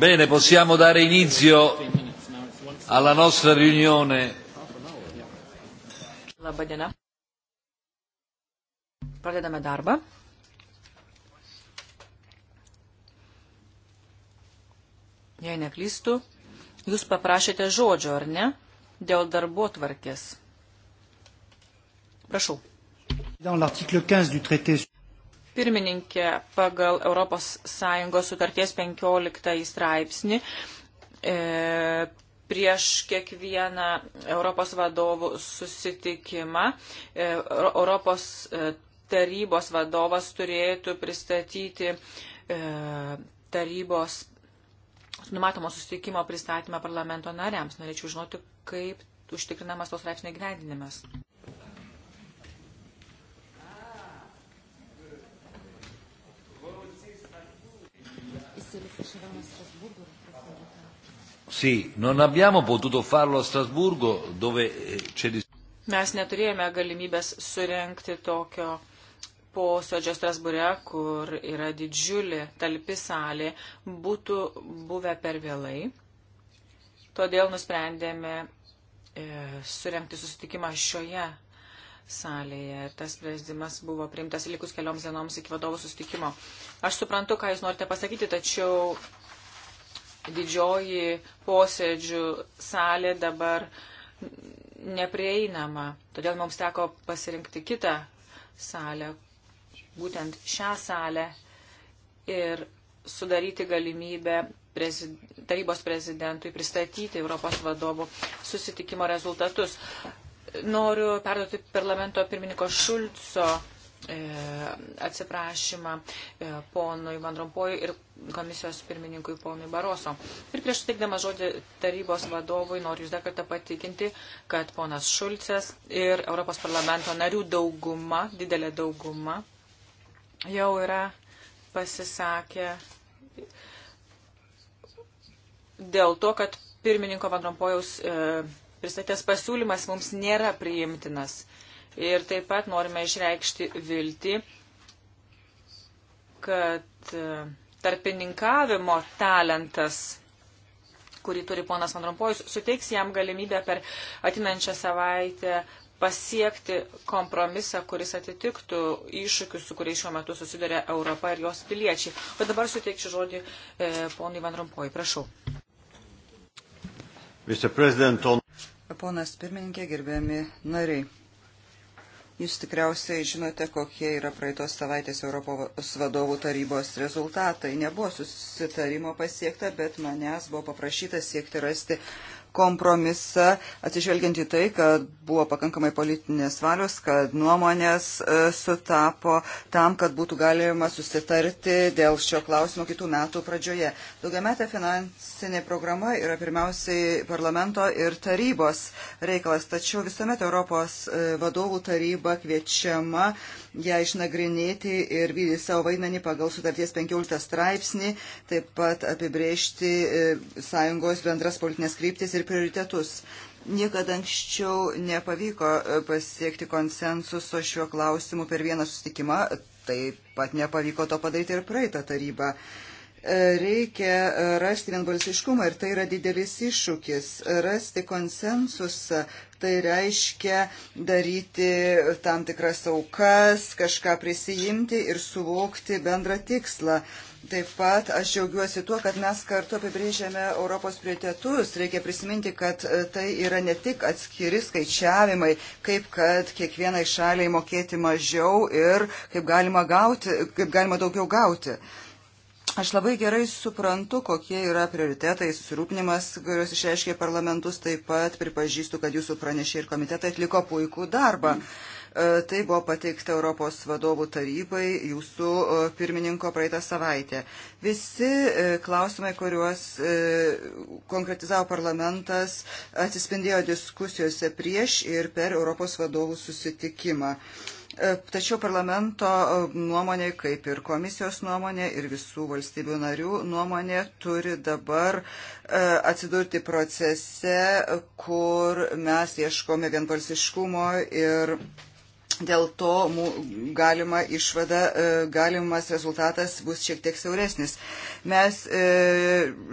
Bene, possiamo dare inizio alla nostra riunione. Labadiena. Pradedame darbą. Jei neklystu, jūs paprašėte žodžio, ar ne, dėl darbo tvarkės. Prašau. Dans l'article 15 du traité pirmininkė pagal ES sutarties 15 straipsnį. E, prieš kiekvieną Europos vadovų susitikimą e, Europos e, tarybos vadovas turėtų pristatyti e, tarybos numatomo susitikimo pristatymą parlamento nariams. Norėčiau žinoti, kaip užtikrinamas tos straipsnio gyvendinimas. Sì, non abbiamo potuto farlo a Strasburgo dove eh, c'è Mes neturėjome galimybės surenkti tokio posėdžio Strasbūre, kur yra didžiulė talpi salė, būtų buvę per vėlai. Todėl nusprendėme e, surenkti susitikimą šioje salėje. Tas sprendimas buvo priimtas likus kelioms dienoms iki vadovų susitikimo. Aš suprantu, ką Jūs norite pasakyti, tačiau didžioji posėdžių salė dabar neprieinama. Todėl mums teko pasirinkti kitą salę, būtent šią salę ir sudaryti galimybę prezid... tarybos prezidentui pristatyti Europos vadovų susitikimo rezultatus. Noriu perduoti parlamento pirmininko Šulco E, atsiprašymą e, ponui Vandrompojui ir komisijos pirmininkui ponui Baroso. Ir prieš suteikdama žodį tarybos vadovui noriu jūs dar kartą patikinti, kad ponas Šulcės ir Europos parlamento narių dauguma, didelė dauguma, jau yra pasisakę dėl to, kad pirmininko Vandrompojaus e, pristatęs pasiūlymas mums nėra priimtinas Ir taip pat norime išreikšti viltį, kad e, tarpininkavimo talentas, kurį turi ponas Vandrompojus, suteiks jam galimybę per atinančią savaitę pasiekti kompromisą, kuris atitiktų iššūkius, su kuriais šiuo metu susiduria Europa ir jos piliečiai. O dabar suteikčiau žodį e, ponui Van Rompoj. Prašau. On... Ponas pirmininkė, gerbėmi nariai. Jūs tikriausiai žinote, kokie yra praeitos savaitės Europos vadovų tarybos rezultatai. Nebuvo susitarimo pasiekta, bet manęs buvo paprašyta siekti rasti kompromisą, atsižvelgiant į tai, kad buvo pakankamai politinės valios, kad nuomonės e, sutapo tam, kad būtų galima susitarti dėl šio klausimo kitų metų pradžioje. Daugiametė finansinė programa yra pirmiausiai parlamento ir tarybos reikalas, tačiau visuomet Europos e, vadovų taryba kviečiama ją išnagrinėti ir vykdyti savo vaidmenį pagal sutarties 15 straipsnį, taip pat apibrėžti e, sąjungos bendras politinės kryptis ir ir prioritetus. Niekada anksčiau nepavyko e, pasiekti konsensuso šiuo klausimu per vieną sustikimą, taip pat nepavyko to padaryti ir praeitą tarybą. E, Reikia e, rasti vienbalsiškumą ir tai yra didelis iššūkis. Rasti konsensusą tai reiškia daryti tam tikras aukas, kažką prisijimti ir suvokti bendrą tikslą. Taip pat aš džiaugiuosi tuo, kad mes kartu apibrėžėme Europos prioritetus. Reikia prisiminti, kad e, tai yra ne tik atskiri skaičiavimai, kaip kad kiekvienai šaliai mokėti mažiau ir kaip galima, gauti, kaip galima daugiau gauti. Uh, Aš labai gerai suprantu, kokie yra prioritetai, susirūpinimas, kurios išreiškė parlamentus, taip pat pripažįstu, kad jūsų pranešė ir komitetai atliko puikų darbą. E, tai buvo pateikta Europos vadovų tarybai jūsų e, pirmininko praeitą savaitę. Visi e, klausimai, kuriuos konkretizavo parlamentas, atsispindėjo diskusijose prieš ir per Europos vadovų susitikimą. E, tačiau parlamento e, nuomonė, kaip ir komisijos nuomonė ir visų valstybių narių nuomonė, turi dabar e, atsidurti procese, kur mes ieškome vienbalsiškumo ir dėl to galima išvada, galimas rezultatas bus šiek tiek siauresnis. Mes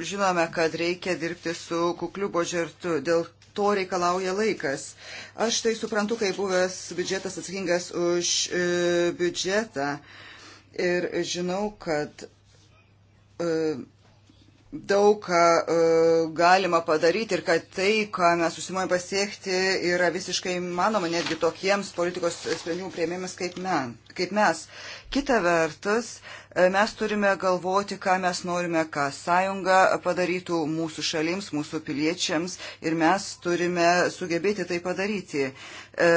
žinome, kad reikia dirbti su kukliu božertu. Dėl to reikalauja laikas. Aš tai suprantu, kai buvęs biudžetas atsakingas už e, biudžetą ir žinau, kad e, daug ką e, galima padaryti ir kad tai, ką mes susimojame pasiekti, yra visiškai manoma netgi tokiems politikos sprendimų prieimėmis kaip, men, kaip mes. Kita vertus, e, mes turime galvoti, ką mes norime, ką sąjunga padarytų mūsų šalims, mūsų piliečiams ir mes turime sugebėti tai padaryti. E,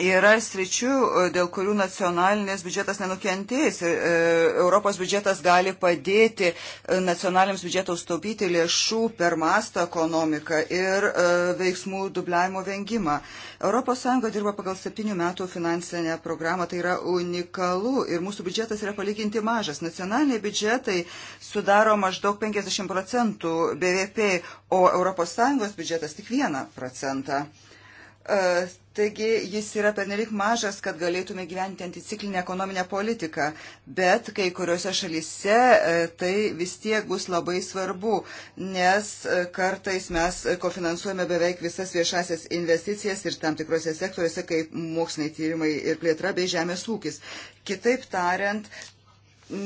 Yra sričių, e, dėl kurių nacionalinės biudžetas nenukentės. E, Europos biudžetas gali padėti e, nacionaliniams biudžetams taupyti lėšų per mastą ekonomiką ir veiksmų dubliavimo vengimą. ES dirba pagal septynių metų finansinę programą, tai yra unikalu ir mūsų biudžetas yra palyginti mažas. Nacionaliniai biudžetai sudaro maždaug 50 procentų BVP, o ES biudžetas tik 1 procentą Taigi jis yra pernelik mažas, kad galėtume gyventi anticiklinę ekonominę politiką, bet kai kuriuose šalyse e, tai vis tiek bus labai svarbu, nes e, kartais mes kofinansuojame beveik visas viešasias investicijas ir tam tikrose sektoriuose kaip moksliniai tyrimai ir plėtra bei žemės ūkis. Kitaip tariant,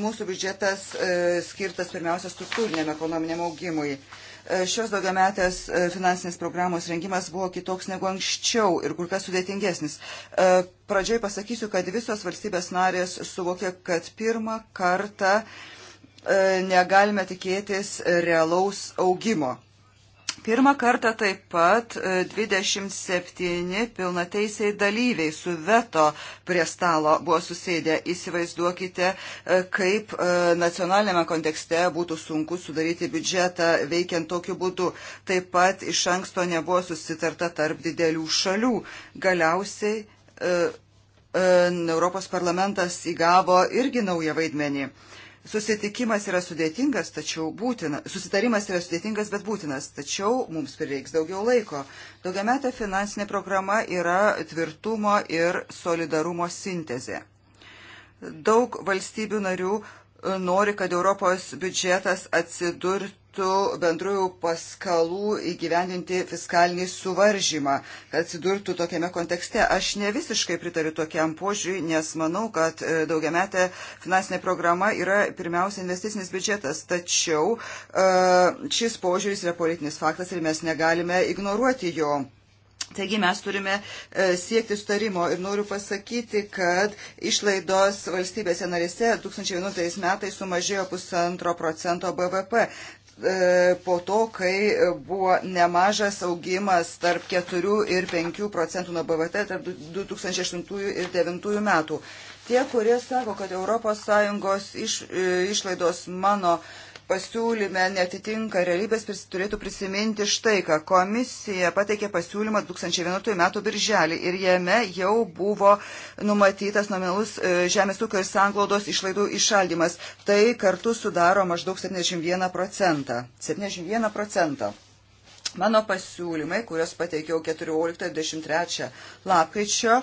mūsų biudžetas e, skirtas pirmiausia struktūriniam ekonominiam augimui. E, šios daugiametės e, finansinės programos rengimas buvo kitoks negu anksčiau ir kur kas sudėtingesnis. E, pradžioj pasakysiu, kad visos valstybės narės suvokė, kad pirmą kartą negalime tikėtis realaus augimo Pirmą kartą taip pat 27 e, pilnateisiai dalyviai su veto prie stalo buvo susėdę. Įsivaizduokite, e, kaip e, nacionalinėme kontekste būtų sunku sudaryti biudžetą veikiant tokiu būdu. Taip pat iš anksto nebuvo susitarta tarp didelių šalių. Galiausiai Europos parlamentas įgavo irgi naują vaidmenį. Susitikimas yra sudėtingas, tačiau būtina. Susitarimas yra sudėtingas, bet būtinas, tačiau mums prireiks daugiau laiko. Daugiametė finansinė programa yra tvirtumo ir solidarumo sintezė. Daug valstybių narių e, nori, kad Europos biudžetas atsidurtų reikėtų bendrųjų paskalų įgyvendinti fiskalinį suvaržymą, kad atsidurtų tokiame kontekste. Aš ne visiškai pritariu tokiam požiūriui, nes manau, kad e, daugiametė finansinė programa yra pirmiausia investicinis biudžetas. Tačiau e, šis požiūris yra politinis faktas ir mes negalime ignoruoti jo. Taigi mes turime e, siekti sutarimo ir noriu pasakyti, kad išlaidos valstybėse narėse 2011 metais sumažėjo pusantro procento BVP. E, po to, kai buvo nemažas augimas tarp 4 ir 5 procentų nuo BVT tarp 2008 ir 2009 metų. Tie, kurie sako, kad ES iš, e, išlaidos mano uh, pasiūlyme netitinka realybės, turėtų prisiminti štai, ką komisija pateikė pasiūlymą 2011 metų birželį ir jame jau buvo numatytas nominalus e, žemės ūkio ir sanglaudos išlaidų išaldymas. Tai kartu sudaro maždaug 71 procentą. 71 procentą mano pasiūlymai, kuriuos pateikiau 14-23 lapkričio,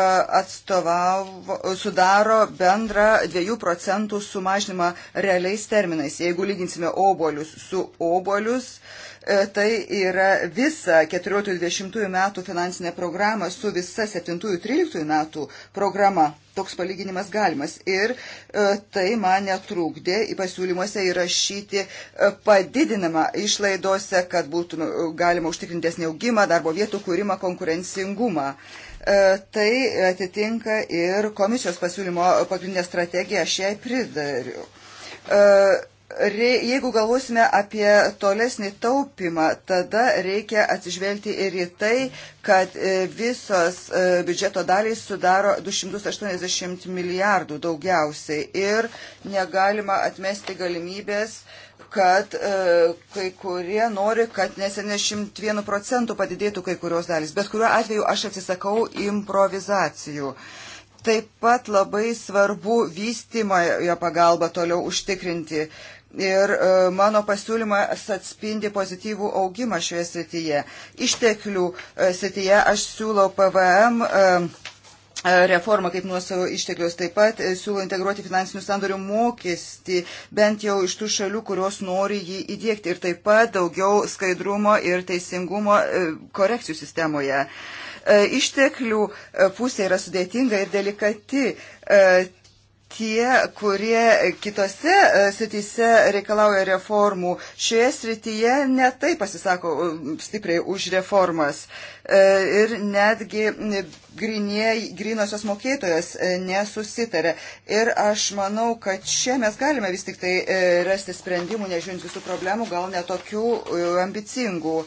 e, sudaro bendrą 2 procentų sumažinimą realiais terminais. Jeigu lyginsime obolius su obolius, uh, E, tai yra visa 14-20 metų finansinė programa su visa 7-13 metų programa. Toks palyginimas galimas. Ir e, tai man netrūkdė į pasiūlymuose įrašyti e, padidinamą išlaidose, kad būtų nu, galima užtikrintesnį augimą, darbo vietų kūrimą, konkurencingumą tai atitinka ir komisijos pasiūlymo pagrindinę strategiją, aš jai pridariu jeigu galvosime apie tolesnį taupimą, tada reikia atsižvelgti ir į tai, kad e, visos e, biudžeto dalys sudaro 280 milijardų daugiausiai ir negalima atmesti galimybės kad e, kai kurie nori, kad ne 71 procentų padidėtų kai kurios dalys. Bet kuriuo atveju aš atsisakau improvizacijų. Taip pat labai svarbu vystimoje pagalbą toliau užtikrinti. E, Ir e, mano pasiūlymas atspindi pozityvų augimą šioje srityje. Išteklių e, srityje aš siūlau PVM e, reformą kaip nuosavo išteklius. Taip pat siūlo integruoti finansinių sandorių mokestį, bent jau iš tų šalių, kurios nori jį įdėkti. Ir taip pat daugiau skaidrumo ir teisingumo korekcijų sistemoje. Išteklių pusė yra sudėtinga ir delikati tie, kurie kitose e, srityse reikalauja reformų, šioje srityje netai pasisako e, stipriai už reformas. E, ir netgi grinieji, grinosios mokėtojas nesusitarė. Ir aš manau, kad čia mes galime vis tik tai rasti sprendimų, nežiūrint visų problemų, gal netokių ambicingų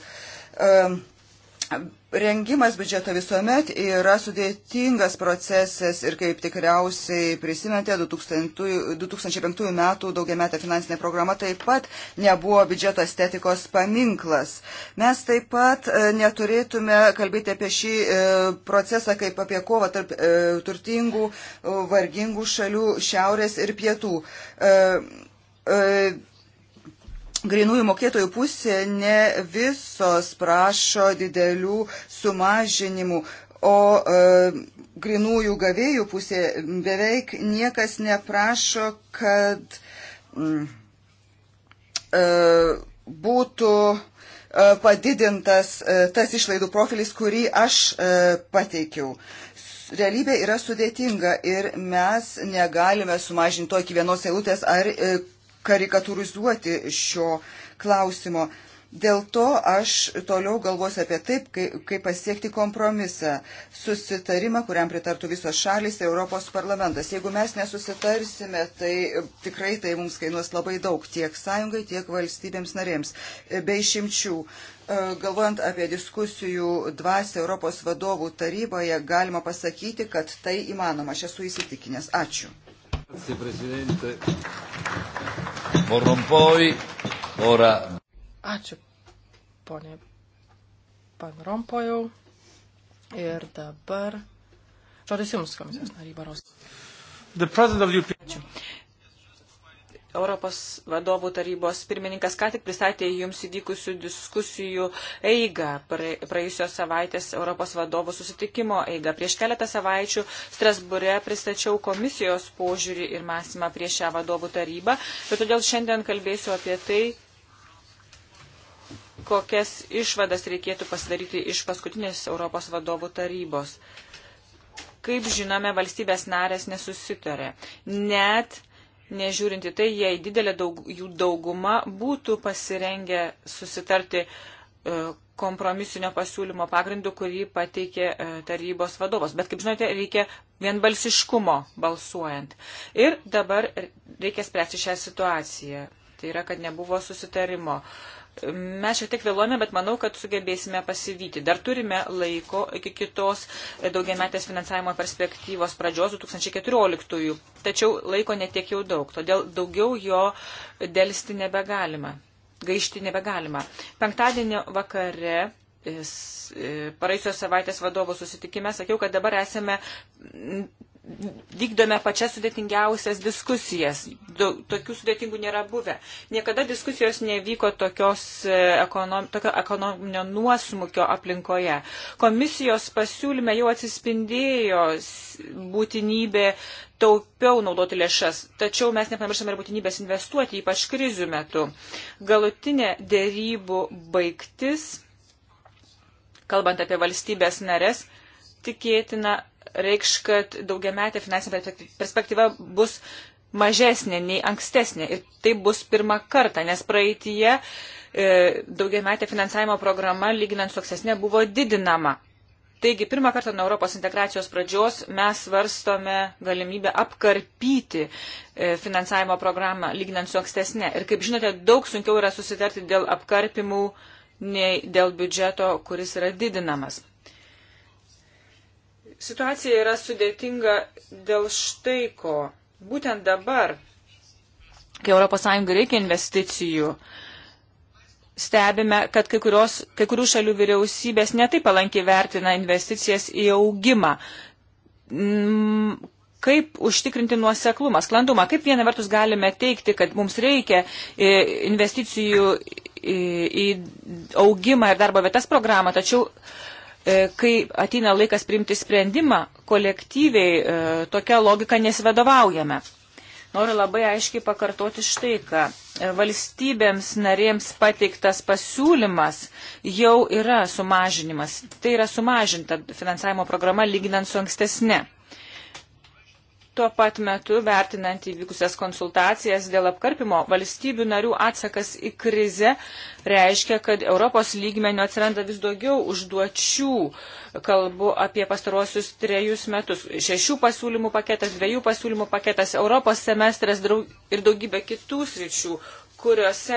Rengimas biudžeto visuomet yra sudėtingas procesas ir kaip tikriausiai prisimenate, 2000, 2005 metų daugiametė finansinė programa taip pat nebuvo biudžeto estetikos paminklas. Mes taip pat e, neturėtume kalbėti apie šį e, procesą kaip apie kovą tarp e, turtingų, vargingų šalių šiaurės ir pietų grinųjų mokėtojų pusė ne visos prašo didelių sumažinimų, o e, grinųjų gavėjų pusė beveik niekas neprašo, kad mm, e, būtų e, padidintas e, tas išlaidų profilis, kurį aš e, pateikiau. Realybė yra sudėtinga ir mes negalime sumažinti to iki vienos eilutės ar e, karikatūrizuoti šio klausimo. Dėl to aš toliau galvosiu apie taip, kaip pasiekti kompromisą, susitarimą, kuriam pritartų visos šalis ir Europos parlamentas. Jeigu mes nesusitarsime, tai tikrai tai mums kainuos labai daug tiek sąjungai, tiek valstybėms narėms. Be išimčių, e, galvojant apie diskusijų dvasę Europos vadovų taryboje, galima pasakyti, kad tai įmanoma. Aš esu įsitikinęs. Ačiū. Grazie Presidente. Von Rompuy, ora. Ačiū, ponė Pan Rompojau. Ir dabar. Žodis Jums, komisijos narybaros. Ačiū. Europos vadovų tarybos pirmininkas ką tik pristatė jums įvykusių diskusijų eigą, praėjusios savaitės Europos vadovų susitikimo eigą. Prieš keletą savaičių Strasbūre pristačiau komisijos požiūrį ir mąstymą prieš šią vadovų tarybą, bet todėl šiandien kalbėsiu apie tai, kokias išvadas reikėtų pasidaryti iš paskutinės Europos vadovų tarybos. Kaip žinome, valstybės narės nesusitarė. Net nežiūrinti tai, jei didelė daug, jų dauguma būtų pasirengę susitarti e, kompromisinio pasiūlymo pagrindu, kurį pateikė e, tarybos vadovas. Bet, kaip žinote, reikia vienbalsiškumo balsuojant. Ir dabar reikia spręsti šią situaciją. Tai yra, kad nebuvo susitarimo. Uh, Mes šiek tiek vėluojame, bet manau, kad sugebėsime pasivyti. Dar turime laiko iki kitos daugiametės finansavimo perspektyvos pradžios 2014-ųjų. Tačiau laiko netiek jau daug, todėl daugiau jo dėlsti nebegalima. Gaišti nebegalima. Penktadienio vakare e, paraisios savaitės vadovo susitikime sakiau, kad dabar esame vykdome pačias sudėtingiausias diskusijas. Tokių sudėtingų nėra buvę. Niekada diskusijos nevyko tokios e, ekonom, tokio ekonominio nuosmukio aplinkoje. Komisijos pasiūlyme jau atsispindėjo būtinybė taupiau naudoti lėšas, tačiau mes nepamirštame ir būtinybės investuoti, ypač krizių metu. Galutinė dėrybų baigtis, kalbant apie valstybės narės, tikėtina reikš, kad daugiametė finansinė perspektyva bus mažesnė nei ankstesnė. Ir tai bus pirmą kartą, nes praeitie e, daugiametė finansavimo programa, lyginant su ankstesnė, buvo didinama. Taigi, pirmą kartą nuo Europos integracijos pradžios mes svarstome galimybę apkarpyti e, finansavimo programą, lyginant su ankstesnė. Ir kaip žinote, daug sunkiau yra susitarti dėl apkarpimų nei dėl biudžeto, kuris yra didinamas. Situacija yra sudėtinga dėl štai ko. Būtent dabar, kai ES reikia investicijų, stebime, kad kai, kurios, kai kurių šalių vyriausybės netai palankiai vertina investicijas į augimą. Mm, kaip užtikrinti nuoseklumą, sklandumą? Kaip viena vertus galime teikti, kad mums reikia e, investicijų į augimą ir darbo vietas programą, tačiau E, kai ateina laikas priimti sprendimą, kolektyviai e, tokia logika nesivadovaujame. Noriu labai aiškiai pakartoti štai, ką e, valstybėms narėms pateiktas pasiūlymas jau yra sumažinimas. Tai yra sumažinta finansavimo programa lyginant su ankstesne. Tuo pat metu, vertinant įvykusias konsultacijas dėl apkarpimo, valstybių narių atsakas į krizę reiškia, kad Europos lygmenio atsiranda vis daugiau užduočių. Kalbu apie pastaruosius trejus metus. Šešių pasiūlymų paketas, dviejų pasiūlymų paketas, Europos semestras draug... ir daugybė kitų sričių, kuriuose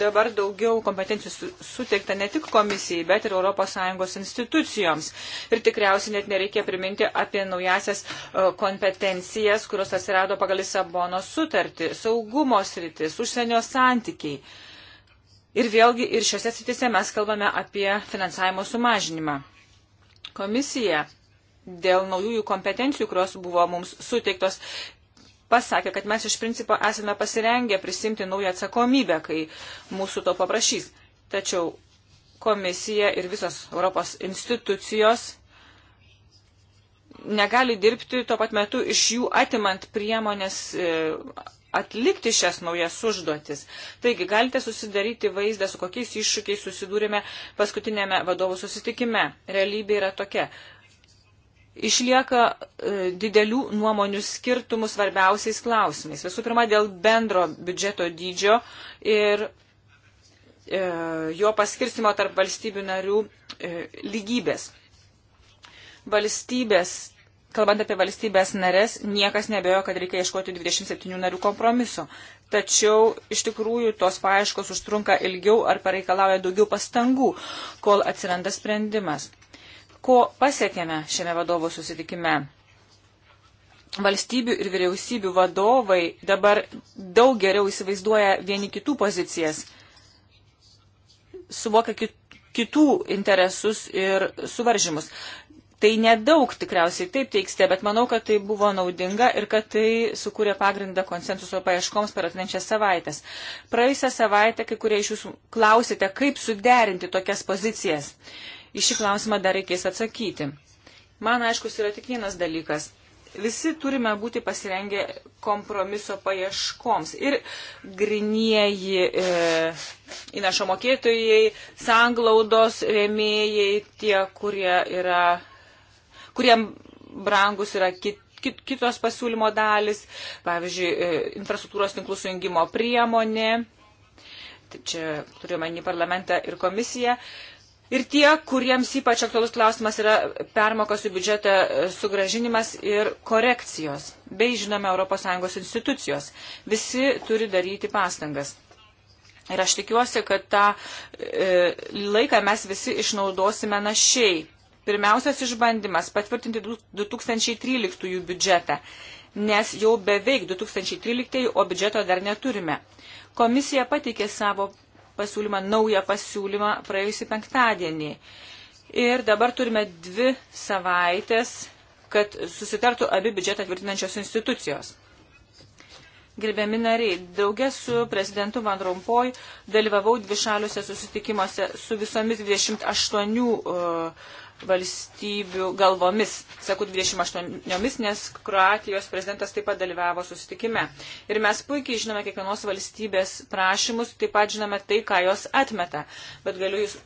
dabar daugiau kompetencijų suteikta ne tik komisijai, bet ir ES institucijoms. Ir tikriausiai net nereikia priminti apie naujasias e, kompetencijas, kurios atsirado pagal Lisabono sutartį - saugumo sritis, užsienio santykiai. Ir vėlgi ir šiuose sritise mes kalbame apie finansavimo sumažinimą. Komisija dėl naujųjų kompetencijų, kurios buvo mums suteiktos, pasakė, kad mes iš principo esame pasirengę prisimti naują atsakomybę, kai mūsų to paprašys. Tačiau komisija ir visos Europos institucijos negali dirbti tuo pat metu iš jų atimant priemonės e, atlikti šias naujas užduotis. Taigi galite susidaryti vaizdą, su kokiais iššūkiais susidūrėme paskutinėme vadovų susitikime. Realybė yra tokia išlieka e, didelių nuomonių skirtumų svarbiausiais klausimais. Visų pirma, dėl bendro biudžeto dydžio ir e, jo paskirstimo tarp valstybių narių e, lygybės. Valstybės, kalbant apie valstybės narės, niekas nebejo, kad reikia ieškoti 27 narių kompromiso. Tačiau iš tikrųjų tos paaiškos užtrunka ilgiau ar pareikalauja daugiau pastangų, kol atsiranda sprendimas ko pasiekėme šiame vadovų susitikime. Valstybių ir vyriausybių vadovai dabar daug geriau įsivaizduoja vieni kitų pozicijas, suvokia kitų interesus ir suvaržymus. Tai nedaug tikriausiai taip teiksite, bet manau, kad tai buvo naudinga ir kad tai sukūrė pagrindą konsensuso paieškoms per atvenčias savaitės. Praėjusią savaitę kai kurie iš jūsų klausėte, kaip suderinti tokias pozicijas į šį klausimą dar reikės atsakyti. Man aiškus yra tik vienas dalykas. Visi turime būti pasirengę kompromiso paieškoms. Ir grinieji e, įnašo mokėtojai, sanglaudos rėmėjai, tie, kurie yra, kuriem brangus yra kit, kit, kitos pasiūlymo dalis, pavyzdžiui, e, infrastruktūros tinklų sujungimo priemonė. Tai čia turiu menį parlamentą ir komisiją. E, Ir tie, kuriems ypač aktualus klausimas yra permokos į biudžetą e, sugražinimas ir korekcijos, bei žinome ES institucijos. Visi turi daryti pastangas. Ir aš tikiuosi, kad tą e, laiką mes visi išnaudosime našiai. Pirmiausias išbandymas - patvirtinti 2013 biudžetą, nes jau beveik 2013, o biudžeto dar neturime. Komisija pateikė savo pasiūlymą, naują pasiūlymą praėjusį penktadienį. Ir dabar turime dvi savaitės, kad susitartų abi biudžetą tvirtinančios institucijos. Gerbiami nariai, daugia su prezidentu Van Rompuy dalyvavau dvišaliuose susitikimuose su visomis 28 uh, valstybių galvomis, sakau 28, nes Kroatijos prezidentas taip pat dalyvavo susitikime. Ir mes puikiai žinome kiekvienos valstybės prašymus, taip pat žinome tai, ką jos atmeta. Bet galiu jūs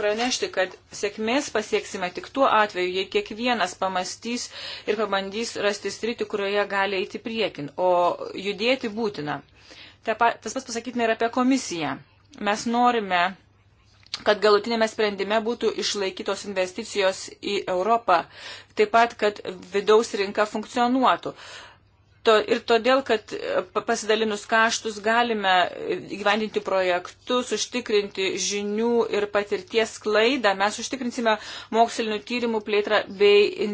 pranešti, kad sėkmės pasieksime tik tuo atveju, jei kiekvienas pamastys ir pabandys rasti sritį, kurioje gali eiti priekin, o judėti būtina. Ta, tas pats pasakytina ir apie komisiją. Mes norime kad galutinėme sprendime būtų išlaikytos investicijos į Europą, taip pat, kad vidaus rinka funkcionuotų. Uh, to, ir todėl, kad e, pasidalinus kaštus galime e, gyvendinti projektus, užtikrinti žinių ir patirties sklaidą, mes užtikrinsime mokslinių tyrimų plėtrą bei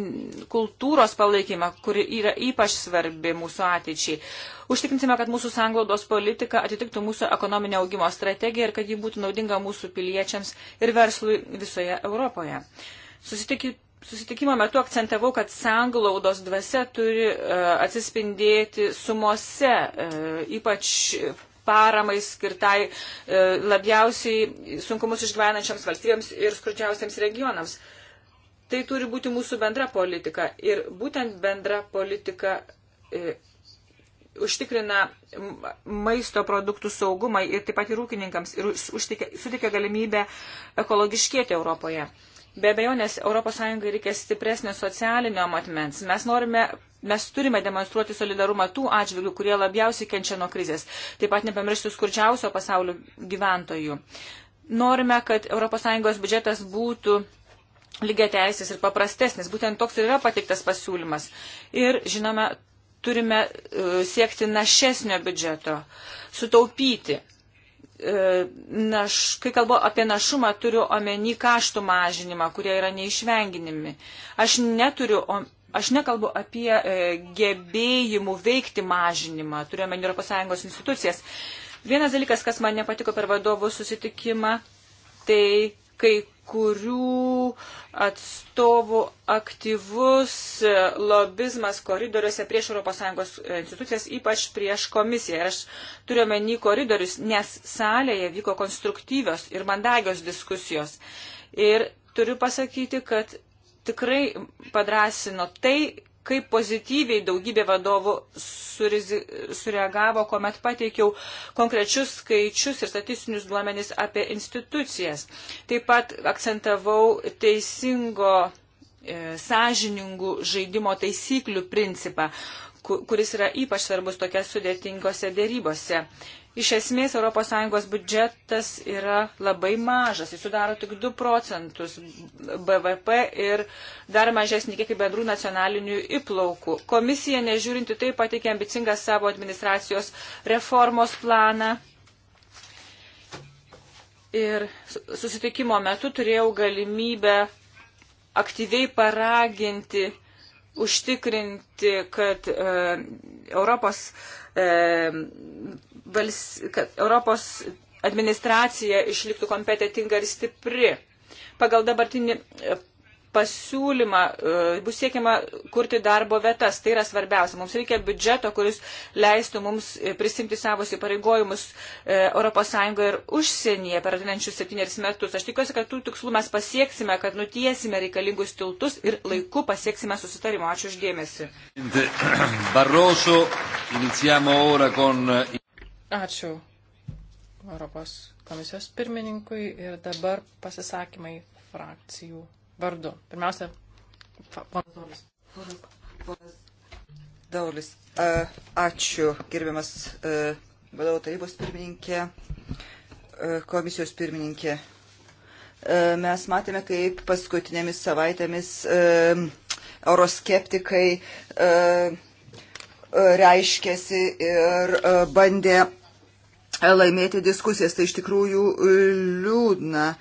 kultūros palaikymą, kuri yra ypač svarbi mūsų ateičiai. Užtikrinsime, kad mūsų sanglaudos politika atitiktų mūsų ekonominio augimo strategiją ir kad ji būtų naudinga mūsų piliečiams ir verslui visoje Europoje. Susitikiu susitikimo metu akcentavau, kad sanglaudos dvasia turi e, atsispindėti sumose, e, ypač paramai skirtai e, labiausiai sunkumus išgyvenančiams valstybėms ir skurdžiausiams regionams. Tai turi būti mūsų bendra politika ir būtent bendra politika užtikrina maisto produktų saugumą ir taip pat ir ūkininkams ir suteikia galimybę ekologiškėti Europoje. Be abejonės, ES reikia stipresnio socialinio matmens. Mes norime. Mes turime demonstruoti solidarumą tų atžvilgių, kurie labiausiai kenčia nuo krizės. Taip pat nepamiršti skurčiausio pasaulio gyventojų. Norime, kad ES biudžetas būtų lygiai teisės ir paprastesnis. Būtent toks ir yra patiktas pasiūlymas. Ir, žinome, turime e, siekti našesnio biudžeto, sutaupyti. E, naš, kai kalbu apie našumą, turiu omeny kaštų mažinimą, kurie yra neišvenginimi. Aš, neturiu, aš nekalbu apie e, gebėjimų veikti mažinimą, turiu omeny ES institucijas. Vienas dalykas, kas man nepatiko per vadovų susitikimą, tai kai kurių uh, atstovų aktyvus lobizmas koridoriuose prieš ES institucijas, ypač prieš komisiją. Ir aš turiu menį koridorius, nes salėje vyko konstruktyvios ir mandagios diskusijos. Ir turiu pasakyti, kad tikrai padrasino tai, kaip pozityviai daugybė vadovų surizi, sureagavo, kuomet pateikiau konkrečius skaičius ir statistinius duomenys apie institucijas. Taip pat akcentavau teisingo, e, sąžiningų žaidimo taisyklių principą, kuris yra ypač svarbus tokias sudėtingose dėrybose. Iš esmės ES biudžetas yra labai mažas, jis sudaro tik 2 procentus BVP ir dar mažesnį kiekį bendrų nacionalinių įplaukų. Komisija, nežiūrinti tai, pateikė ambicingą savo administracijos reformos planą. Ir susitikimo metu turėjau galimybę aktyviai paraginti užtikrinti, kad e, Europos, e, vals, kad Europos administracija išliktų kompetitinga ir stipri. Pagal dabartinį pasiūlymą, e, bus siekiama kurti darbo vietas. Tai yra svarbiausia. Mums reikia biudžeto, kuris leistų mums e, prisimti savo įpareigojimus ES ir užsienyje per atinančius septynerius metus. Aš tikiuosi, kad tų tikslų mes pasieksime, kad nutiesime reikalingus tiltus ir laiku pasieksime susitarimo. Ačiū uždėmesi. Barroso, con... Ačiū. Europos komisijos pirmininkui ir dabar pasisakymai frakcijų vardu. Pirmiausia, ponas Daulis. Ponas Daulis. Ačiū, gerbiamas vadovų tarybos pirmininkė, komisijos pirmininkė. Mes matėme, kaip paskutinėmis savaitėmis euroskeptikai reiškėsi ir bandė laimėti diskusijas. Tai iš tikrųjų liūdna. Uh,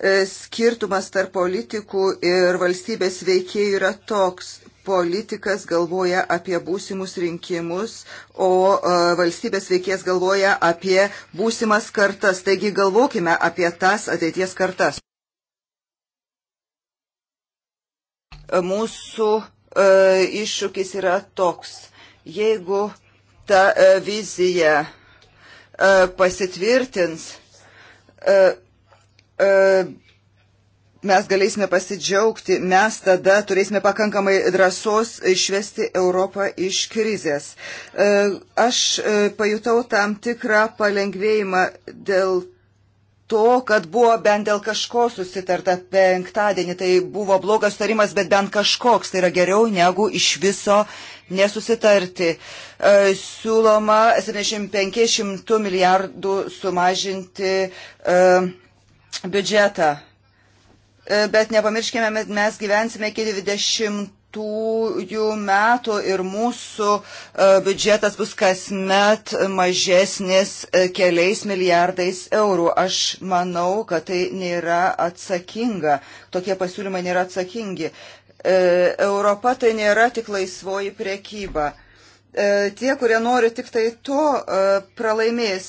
E, skirtumas tarp politikų ir valstybės veikėjų yra toks. Politikas galvoja apie būsimus rinkimus, o e, valstybės veikėjas galvoja apie būsimas kartas. Taigi galvokime apie tas ateities kartas. Mūsų e, iššūkis yra toks. Jeigu ta vizija pasitvirtins, E, mes galėsime pasidžiaugti, mes tada turėsime pakankamai drąsos išvesti Europą iš krizės. E, aš e, pajutau tam tikrą palengvėjimą dėl to, kad buvo bent dėl kažko susitarta penktadienį, tai buvo blogas tarimas, bet bent kažkoks tai yra geriau negu iš viso nesusitarti. Siūloma 75 milijardų sumažinti uh, biudžetą. E, bet nepamirškime, mes gyvensime iki 20 tųjų metų ir mūsų e, biudžetas bus kasmet mažesnis e, keliais milijardais eurų. Aš manau, kad tai nėra atsakinga. Tokie pasiūlymai nėra atsakingi. Europa tai nėra tik laisvoji priekyba. Tie, kurie nori tik tai to, pralaimės.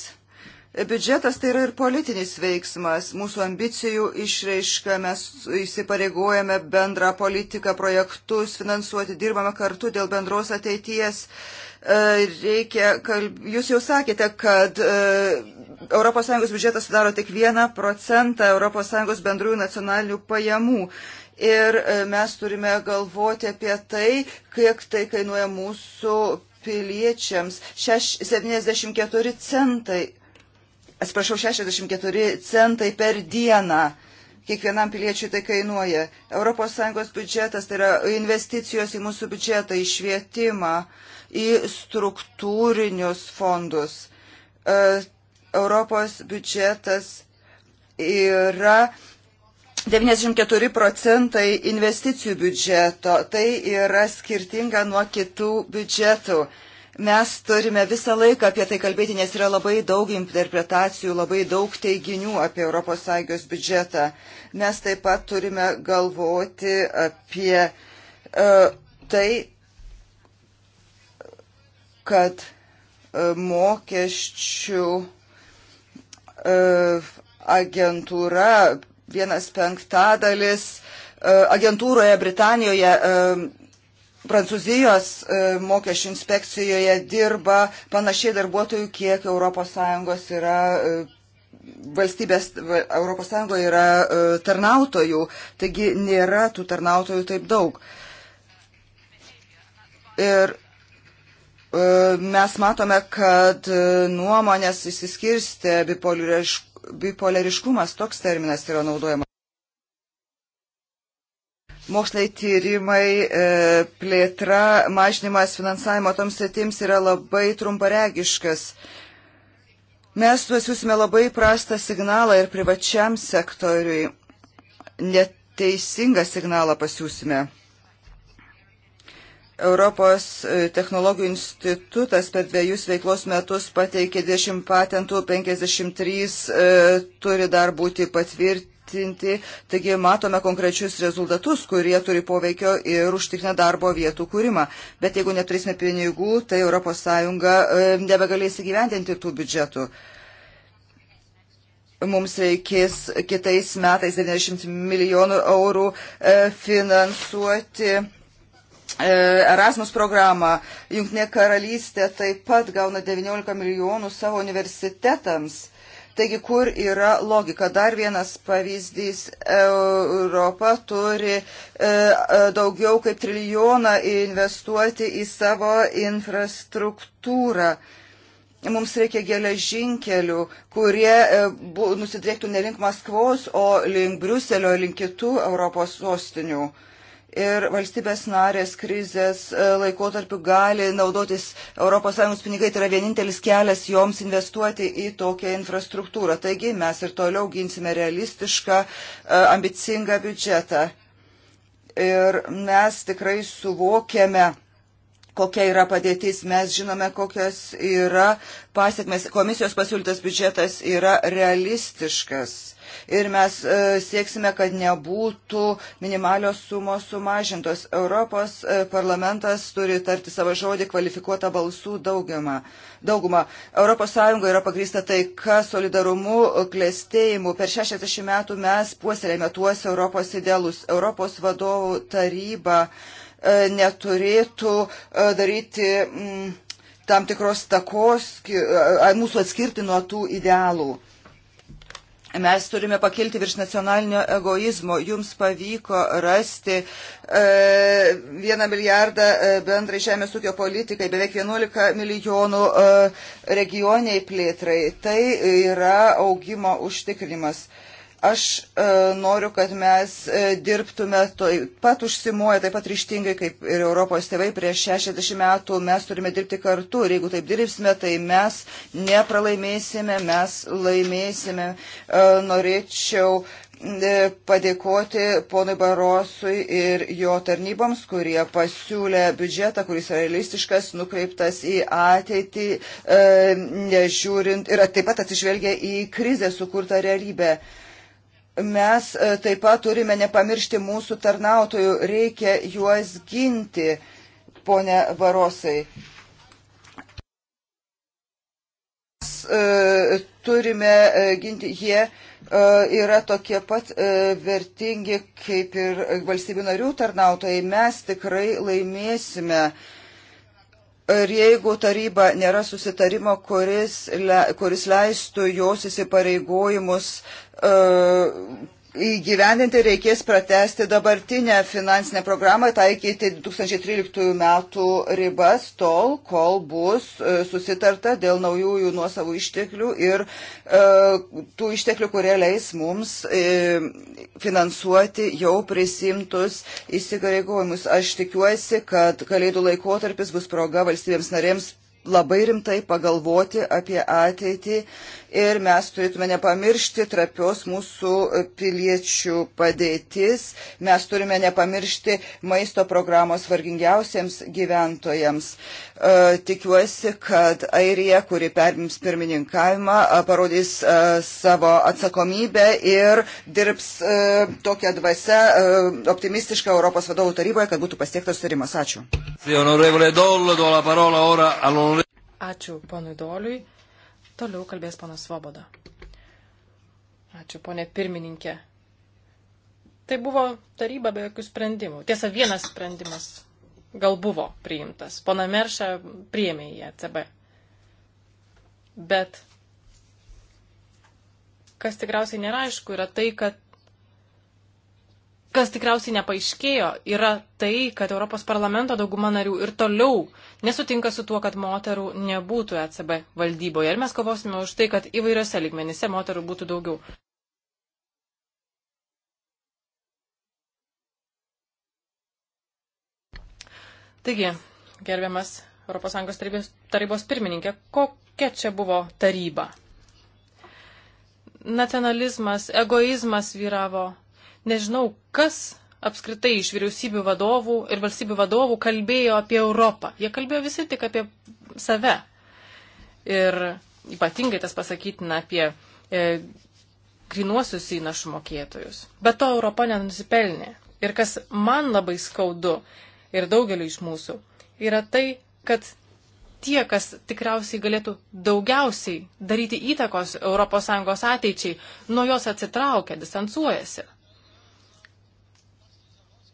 Biudžetas tai yra ir politinis veiksmas. Mūsų ambicijų išreiška, mes įsipareigojame bendrą politiką, projektus finansuoti, dirbame kartu dėl bendros ateities. E, reikia, kalb... jūs jau sakėte, kad e, ES biudžetas sudaro tik vieną procentą ES bendrųjų nacionalinių pajamų. Ir e, mes turime galvoti apie tai, kiek tai kainuoja mūsų piliečiams. Šeš, 74 centai atsiprašau, 64 centai per dieną. Kiekvienam piliečiui tai kainuoja. ES biudžetas tai yra investicijos į mūsų biudžetą, į švietimą, į struktūrinius fondus. E, Europos biudžetas yra 94 procentai investicijų biudžeto. Tai yra skirtinga nuo kitų biudžetų. Mes turime visą laiką apie tai kalbėti, nes yra labai daug interpretacijų, labai daug teiginių apie ES biudžetą. Mes taip pat turime galvoti apie uh, tai, kad uh, mokesčių uh, agentūra vienas penktadalis agentūroje Britanijoje Prancūzijos e, mokesčių inspekcijoje dirba panašiai darbuotojų, kiek ES yra e, valstybės ES yra e, tarnautojų, taigi nėra tų tarnautojų taip daug. Ir mes matome, kad nuomonės įsiskirstė bipoleriškumas, toks terminas yra naudojama mokslai tyrimai, e, plėtra, mažinimas finansavimo toms sritims yra labai trumparegiškas. Mes pasiūsime labai prastą signalą ir privačiam sektoriui. Neteisingą signalą pasiūsime. Europos e, technologijų institutas per dviejus veiklos metus pateikė 10 patentų, 53 e, turi dar būti patvirtinti vertinti. Taigi matome konkrečius rezultatus, kurie turi poveikio ir užtikrina darbo vietų kūrimą. Bet jeigu neturėsime pinigų, tai ES e, nebegalės įgyvendinti tų biudžetų. Mums reikės kitais metais 90 milijonų eurų e, finansuoti e, Erasmus programą, Junktinė karalystė taip pat gauna 19 milijonų savo universitetams. Taigi, kur yra logika? Dar vienas pavyzdys. Europa turi e, e, daugiau kaip trilijoną investuoti į savo infrastruktūrą. Mums reikia geležinkelių, kurie e, nusidrėktų ne link Maskvos, o link Briuselio, link kitų Europos sostinių. Uh, ir valstybės narės krizės e, laikotarpiu gali naudotis ES pinigai, tai yra vienintelis kelias joms investuoti į tokią infrastruktūrą. Taigi mes ir toliau ginsime realistišką, e, ambicingą biudžetą. Ir mes tikrai suvokiame, kokia yra padėtis, mes žinome, kokios yra pasiekmes. Komisijos pasiūlytas biudžetas yra realistiškas ir mes e, sieksime, kad nebūtų minimalios sumos sumažintos. Europos e, parlamentas turi tarti savo žodį kvalifikuotą balsų daugumą. daugumą. Europos Sąjunga yra pagrįsta taika, solidarumu, klėstėjimu. Per 60 metų mes puoselėme tuos Europos idealus. Europos vadovų taryba. E, E, neturėtų e, daryti mm, tam tikros takos, e, mūsų atskirti nuo tų idealų. Mes turime pakilti virš nacionalinio egoizmo. Jums pavyko rasti vieną milijardą bendrai žemės ūkio politikai, beveik 11 milijonų regioniai plėtrai. Tai yra augimo užtikrinimas. E, Aš e, noriu, kad mes e, dirbtume taip pat užsimoję, taip pat ryštingai kaip ir Europos tėvai. Prieš 60 metų mes turime dirbti kartu ir jeigu taip dirbsime, tai mes nepralaimėsime, mes laimėsime. E, norėčiau e, padėkoti ponui Barosui ir jo tarnyboms, kurie pasiūlė biudžetą, kuris realistiškas, nukreiptas į ateitį, e, nežiūrint ir taip pat atsižvelgia į krizę sukurtą realybę mes e, taip pat turime nepamiršti mūsų tarnautojų, reikia juos ginti, ponė Varosai. Mes e, turime e, ginti, jie yra tokie pat vertingi kaip ir valstybių narių tarnautojai. Mes tikrai laimėsime uh, Ir jeigu taryba nėra susitarimo, kuris, le, kuris leistų jos įsipareigojimus uh, įgyvendinti reikės pratesti dabartinę finansinę programą, taikyti 2013 metų ribas tol, kol bus e, susitarta dėl naujųjų nuosavų išteklių ir e, tų išteklių, kurie leis mums e, finansuoti jau prisimtus įsigareigojimus. Aš tikiuosi, kad kalėdų laikotarpis bus proga valstybėms narėms labai rimtai pagalvoti apie ateitį ir mes turėtume nepamiršti trapios mūsų piliečių padėtis, mes turime nepamiršti maisto programos vargingiausiems gyventojams. E, tikiuosi, kad Airija, kuri perims pirmininkavimą, e, parodys e, savo atsakomybę ir dirbs tokią dvasę optimistišką Europos vadovų taryboje, kad būtų pasiektas sutarimas. Ačiū. Ačiū ponui Doliui. Toliau kalbės panas Svoboda. Ačiū, ponė pirmininkė. Tai buvo taryba be jokių sprendimų. Tiesa, vienas sprendimas gal buvo priimtas. Pana Merša priėmė į ECB. Bet kas tikriausiai nėra aišku, yra tai, kad kas tikriausiai nepaaiškėjo, yra tai, kad Europos parlamento dauguma narių ir toliau nesutinka su tuo, kad moterų nebūtų ECB valdyboje. Ir mes kovosime už tai, kad įvairiose ligmenyse moterų būtų daugiau. Taigi, gerbiamas ES tarybos, tarybos pirmininkė, kokia čia buvo taryba? Nacionalizmas, egoizmas vyravo Nežinau, kas apskritai iš vyriausybių vadovų ir valstybių vadovų kalbėjo apie Europą. Jie kalbėjo visi tik apie save. Ir ypatingai tas pasakytina apie e, grinuosius įnašų mokėtojus. Bet to Europa nenusipelnė. Ir kas man labai skaudu ir daugeliu iš mūsų, yra tai, kad tie, kas tikriausiai galėtų daugiausiai daryti įtakos ES ateičiai, nuo jos atsitraukia, distancuojasi.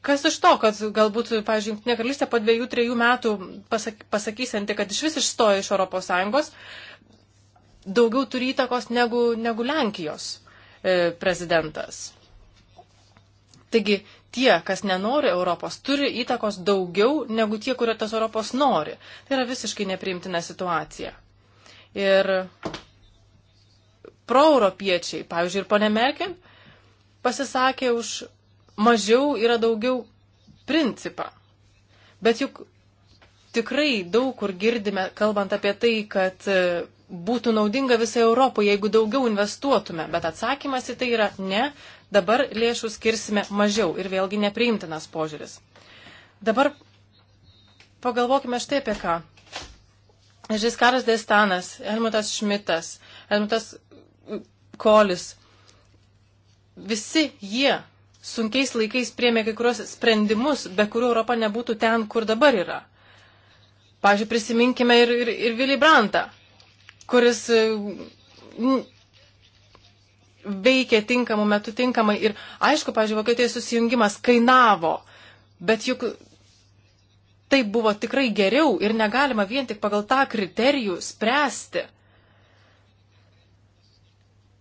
Kas iš to, kad galbūt, pavyzdžiui, Junktinė karalystė po dviejų, trejų metų pasak, pasakysianti, kad iš vis išstoja iš ES, daugiau turi įtakos negu, negu Lenkijos e, prezidentas. Taigi tie, kas nenori Europos, turi įtakos daugiau negu tie, kurie tos Europos nori. Tai yra visiškai nepriimtina situacija. Ir proeuropiečiai, pavyzdžiui, ir ponė Merkel pasisakė už mažiau yra daugiau principą. Bet juk tikrai daug kur girdime, kalbant apie tai, kad e, būtų naudinga visai Europai, jeigu daugiau investuotume. Bet atsakymas į tai yra ne, dabar lėšų skirsime mažiau ir vėlgi nepriimtinas požiūris. Dabar pagalvokime štai apie ką. Žiskaras Destanas, Helmutas Šmitas, Helmutas Kolis. Visi jie sunkiais laikais priemė kai kurios sprendimus, be kurių Europa nebūtų ten, kur dabar yra. Pavyzdžiui, prisiminkime ir, ir, ir Vili Brantą, kuris e, veikė tinkamu metu tinkamai. Ir aišku, pažiūrėjau, Vokietijos susijungimas kainavo, bet juk tai buvo tikrai geriau ir negalima vien tik pagal tą kriterijų spręsti.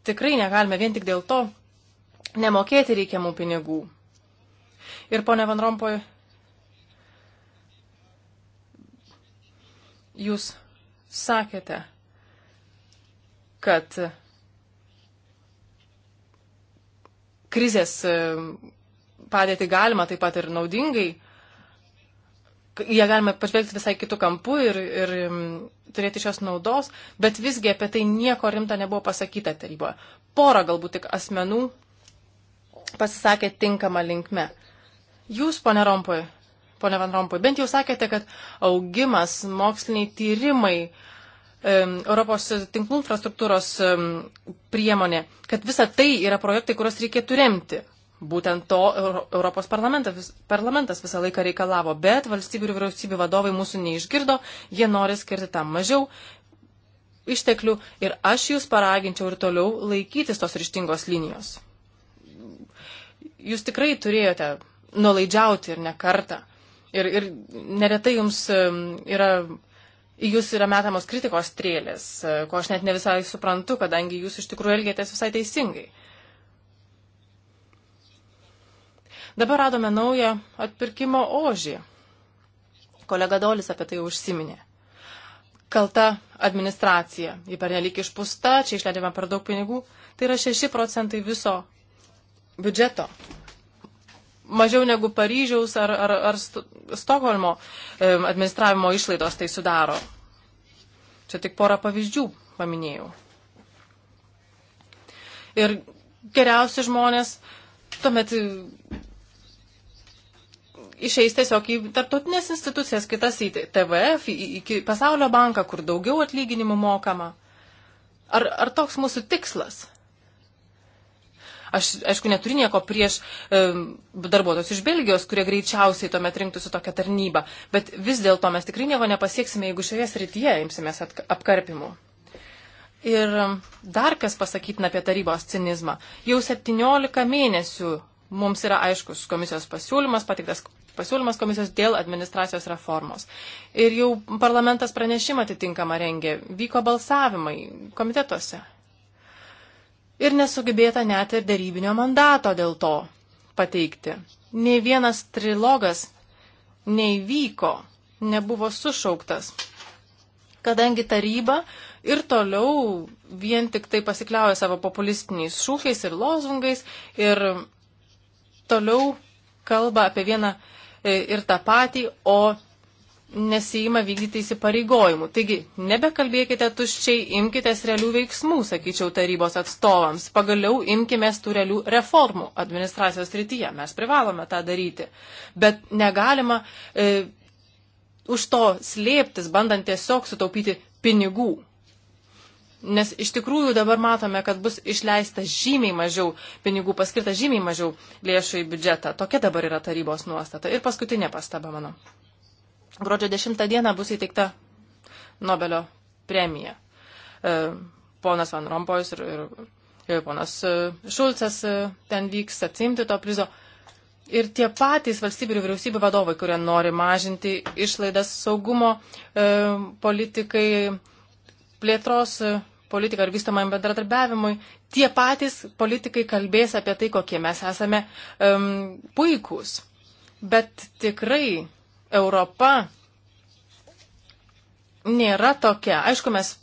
Tikrai negalime vien tik dėl to nemokėti reikiamų pinigų. Ir ponė Van Rompoj, jūs sakėte, kad krizės e, padėti galima taip pat ir naudingai, jie galima pažvelgti visai kitų kampų ir, ir turėti šios naudos, bet visgi apie tai nieko rimta nebuvo pasakyta taryboje. Pora galbūt tik asmenų pasisakė tinkamą linkme. Jūs, pone Rompui, pone Van Rompui, bent jau sakėte, kad augimas, moksliniai tyrimai, Europos tinklų infrastruktūros priemonė, kad visa tai yra projektai, kuriuos reikėtų remti. Būtent to Europos parlamentas, parlamentas visą laiką reikalavo, bet valstybių ir vyriausybių vadovai mūsų neišgirdo, jie nori skirti tam mažiau išteklių ir aš jūs paraginčiau ir toliau laikytis tos ryštingos linijos jūs tikrai turėjote nolaidžiauti ir ne kartą. Ir, ir neretai jums yra, jūs yra metamos kritikos strėlės, e, ko aš net ne visai suprantu, kadangi jūs iš tikrųjų elgėtės visai teisingai. Dabar radome naują atpirkimo ožį. Kolega Dolis apie tai jau užsiminė kalta administracija. Ji pernelyg išpusta, čia išleidžiama per daug pinigų. Tai yra 6 procentai viso biudžeto. Mažiau negu Paryžiaus ar, ar, ar Stokholmo administravimo išlaidos tai sudaro. Čia tik porą pavyzdžių paminėjau. Ir geriausi žmonės tuomet e, išeis tiesiog į tarptautinės institucijas, kitas į TVF, į, į pasaulio banką, kur daugiau atlyginimų mokama. Ar, ar toks mūsų tikslas? Aš, aišku, neturiu nieko prieš e, darbuotojus iš Belgijos, kurie greičiausiai tuomet rinktųsi tokią tarnybą. Bet vis dėlto mes tikrai nieko nepasieksime, jeigu šioje srityje imsimės apkarpimų. Ir dar kas pasakytina apie tarybos cinizmą. Jau 17 mėnesių mums yra aiškus komisijos pasiūlymas, patiktas pasiūlymas komisijos dėl administracijos reformos. Ir jau parlamentas pranešimą atitinkamą rengė, vyko balsavimai komitetuose ir nesugebėta net ir darybinio mandato dėl to pateikti. Nei vienas trilogas neįvyko, nebuvo sušauktas, kadangi taryba ir toliau vien tik tai pasikliauja savo populistiniais šūkiais ir lozungais ir toliau kalba apie vieną e, ir tą patį, o nesijima vykdyti įsipareigojimų. Taigi, nebekalbėkite tuščiai, imkitės realių veiksmų, sakyčiau, tarybos atstovams. Pagaliau imkimės tų realių reformų administracijos rytyje. Mes privalome tą daryti. Bet negalima e, už to slėptis, bandant tiesiog sutaupyti pinigų. Nes iš tikrųjų dabar matome, kad bus išleista žymiai mažiau pinigų, paskirta žymiai mažiau lėšų į biudžetą. Tokia dabar yra tarybos nuostata. Ir paskutinė pastaba mano. Gruodžio 10 dieną bus įteikta Nobelio premija. E, ponas Van Rompojus ir, ir, ir ponas e, Šulcas e, ten vyks atsimti to prizo. Ir tie patys valstybių ir vyriausybių vadovai, kurie nori mažinti išlaidas saugumo e, politikai, plėtros politiką ar vystamajam bendradarbiavimui, tie patys politikai kalbės apie tai, kokie mes esame um, e, puikūs. Bet tikrai Europa nėra tokia. Aišku, mes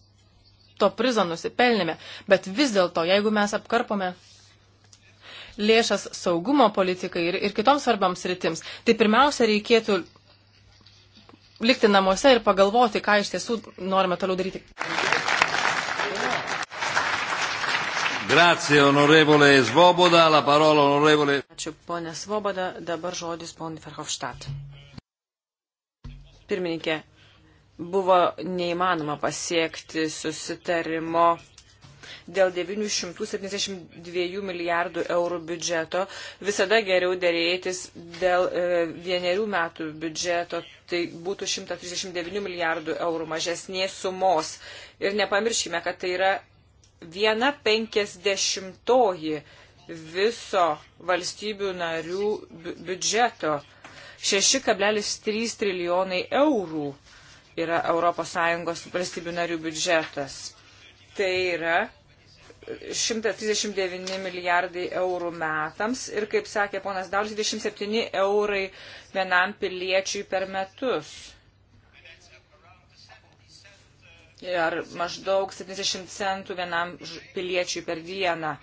to prizo nusipelnėme, bet vis dėlto, jeigu mes apkarpome lėšas saugumo politikai ir, ir kitoms svarbioms rytims, tai pirmiausia reikėtų likti namuose ir pagalvoti, ką iš tiesų norime toliau daryti. Grazie, onorevole Svoboda, la parola onorevole. Ačiū, ponė Svoboda, dabar žodis ponė Ferhofštat pirmininkė, buvo neįmanoma pasiekti susitarimo dėl 972 milijardų eurų biudžeto. Visada geriau dėrėtis dėl e, vienerių metų biudžeto, tai būtų 139 milijardų eurų mažesnės sumos. Ir nepamirškime, kad tai yra viena penkisdešimtoji viso valstybių narių biudžeto. 6,3 trilijonai eurų yra ES valstybių narių biudžetas. Tai yra 139 milijardai eurų metams ir, kaip sakė ponas Daulis, 27 eurai vienam piliečiui per metus. Ar maždaug 70 centų vienam piliečiui per dieną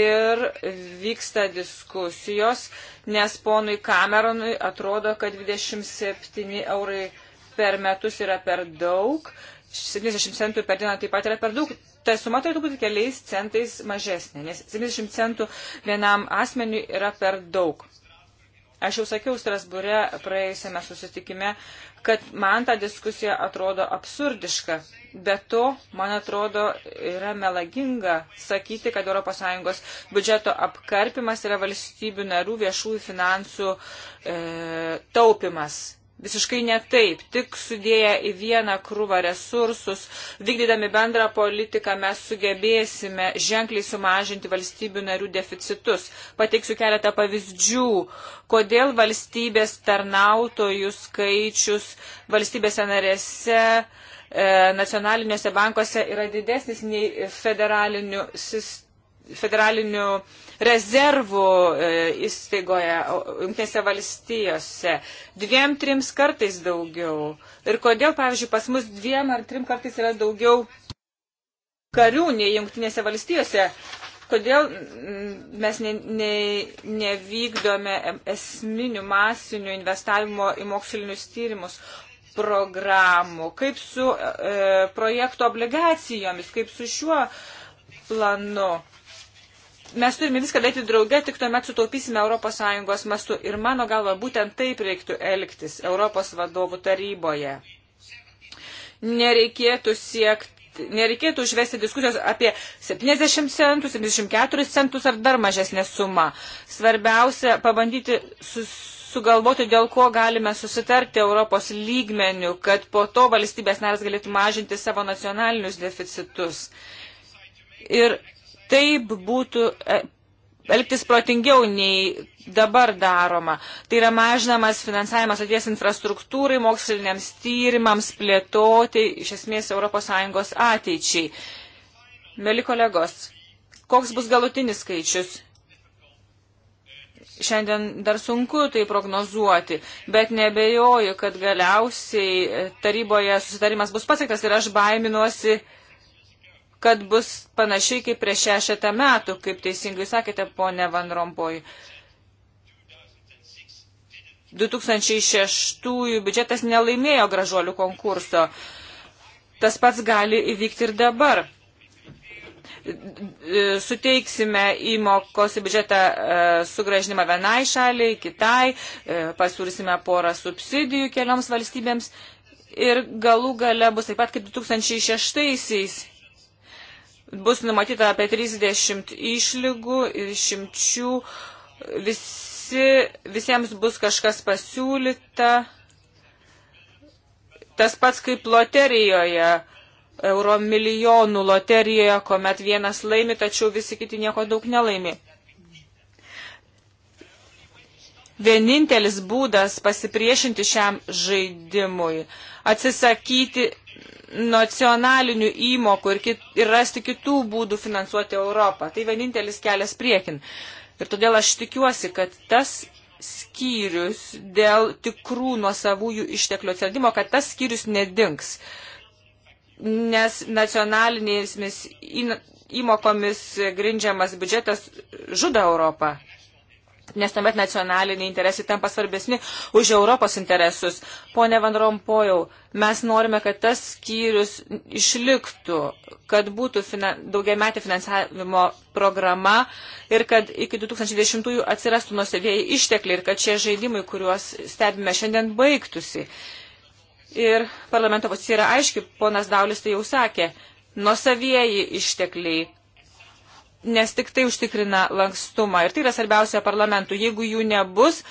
ir vyksta diskusijos, nes ponui Cameronui atrodo, kad 27 eurai per metus yra per daug, 70 centų per dieną taip pat yra per daug. Ta suma turėtų būti keliais centais mažesnė, nes 70 centų vienam asmeniui yra per daug. Aš jau sakiau Strasbūre praėjusiame susitikime, kad man ta diskusija atrodo absurdiška. Be to, man atrodo, yra melaginga sakyti, kad ES biudžeto apkarpimas yra valstybių narų viešųjų finansų e, taupimas. Visiškai ne taip, tik sudėję į vieną krūvą resursus, vykdydami bendrą politiką mes sugebėsime ženkliai sumažinti valstybių narių deficitus. Pateiksiu keletą pavyzdžių, kodėl valstybės tarnautojų skaičius valstybėse narėse e, nacionaliniuose bankuose yra didesnis nei federalinių sistemų federalinių rezervų e, įstaigoje, jungtinėse valstijose, dviem, trims kartais daugiau. Ir kodėl, pavyzdžiui, pas mus dviem ar trim kartais yra daugiau karių nei jungtinėse valstijose, kodėl mes ne, ne, nevykdome esminių masinių investavimo į mokslinius tyrimus programų, kaip su e, projektų obligacijomis, kaip su šiuo planu mes turime viską daryti drauge, tik tuomet sutaupysime ES mastu. Ir mano galva, būtent taip reiktų elgtis Europos vadovų taryboje. Nereikėtų siekti. Nereikėtų užvesti diskusijos apie 70 centų, 74 centus ar dar mažesnę sumą. Svarbiausia pabandyti sus, sugalvoti, dėl ko galime susitarti Europos lygmenių, kad po to valstybės narės galėtų mažinti savo nacionalinius deficitus. Ir taip būtų e, elgtis protingiau nei dabar daroma. Tai yra mažinamas finansavimas atvies infrastruktūrai, moksliniams tyrimams plėtoti iš esmės ES ateičiai. Mėly kolegos, koks bus galutinis skaičius? Šiandien dar sunku tai prognozuoti, bet nebejoju, kad galiausiai taryboje susitarimas bus pasiektas ir aš baiminuosi, kad bus panašiai kaip prieš šešetą metų, kaip teisingai sakėte, ponė Van Rompoj. 2006 biudžetas nelaimėjo gražuolių konkurso. Tas pats gali įvykti ir dabar. Suteiksime įmokos į biudžetą e, sugražinimą vienai šaliai, kitai, e, pasiūlysime porą subsidijų kelioms valstybėms ir galų gale bus taip pat kaip 2006-aisiais bus numatyta apie 30 išlygų ir šimčių. Visi, visiems bus kažkas pasiūlyta. Tas pats kaip loterijoje, euro milijonų loterijoje, kuomet vienas laimi, tačiau visi kiti nieko daug nelaimi. Vienintelis būdas pasipriešinti šiam žaidimui - atsisakyti nacionalinių įmokų ir, kit, ir rasti kitų būdų finansuoti Europą. Tai vienintelis kelias priekin. Ir todėl aš tikiuosi, kad tas skyrius dėl tikrų nuosavųjų išteklių atsiradimo, kad tas skyrius nedings. Nes nacionalinėmis įmokomis grindžiamas biudžetas žudo Europą nes tuomet nacionaliniai interesai tampa svarbesni už Europos interesus. Pone Van Rompojau, mes norime, kad tas skyrius išliktų, kad būtų finan, daugiametė finansavimo programa ir kad iki 2010-ųjų atsirastų nusavėjai ištekliai ir kad šie žaidimai, kuriuos stebime šiandien, baigtųsi. Ir parlamento pozicija yra aiški, ponas Daulis tai jau sakė, nusavėjai ištekliai nes tik tai užtikrina lankstumą. Ir tai yra svarbiausia parlamentų. Jeigu jų nebus,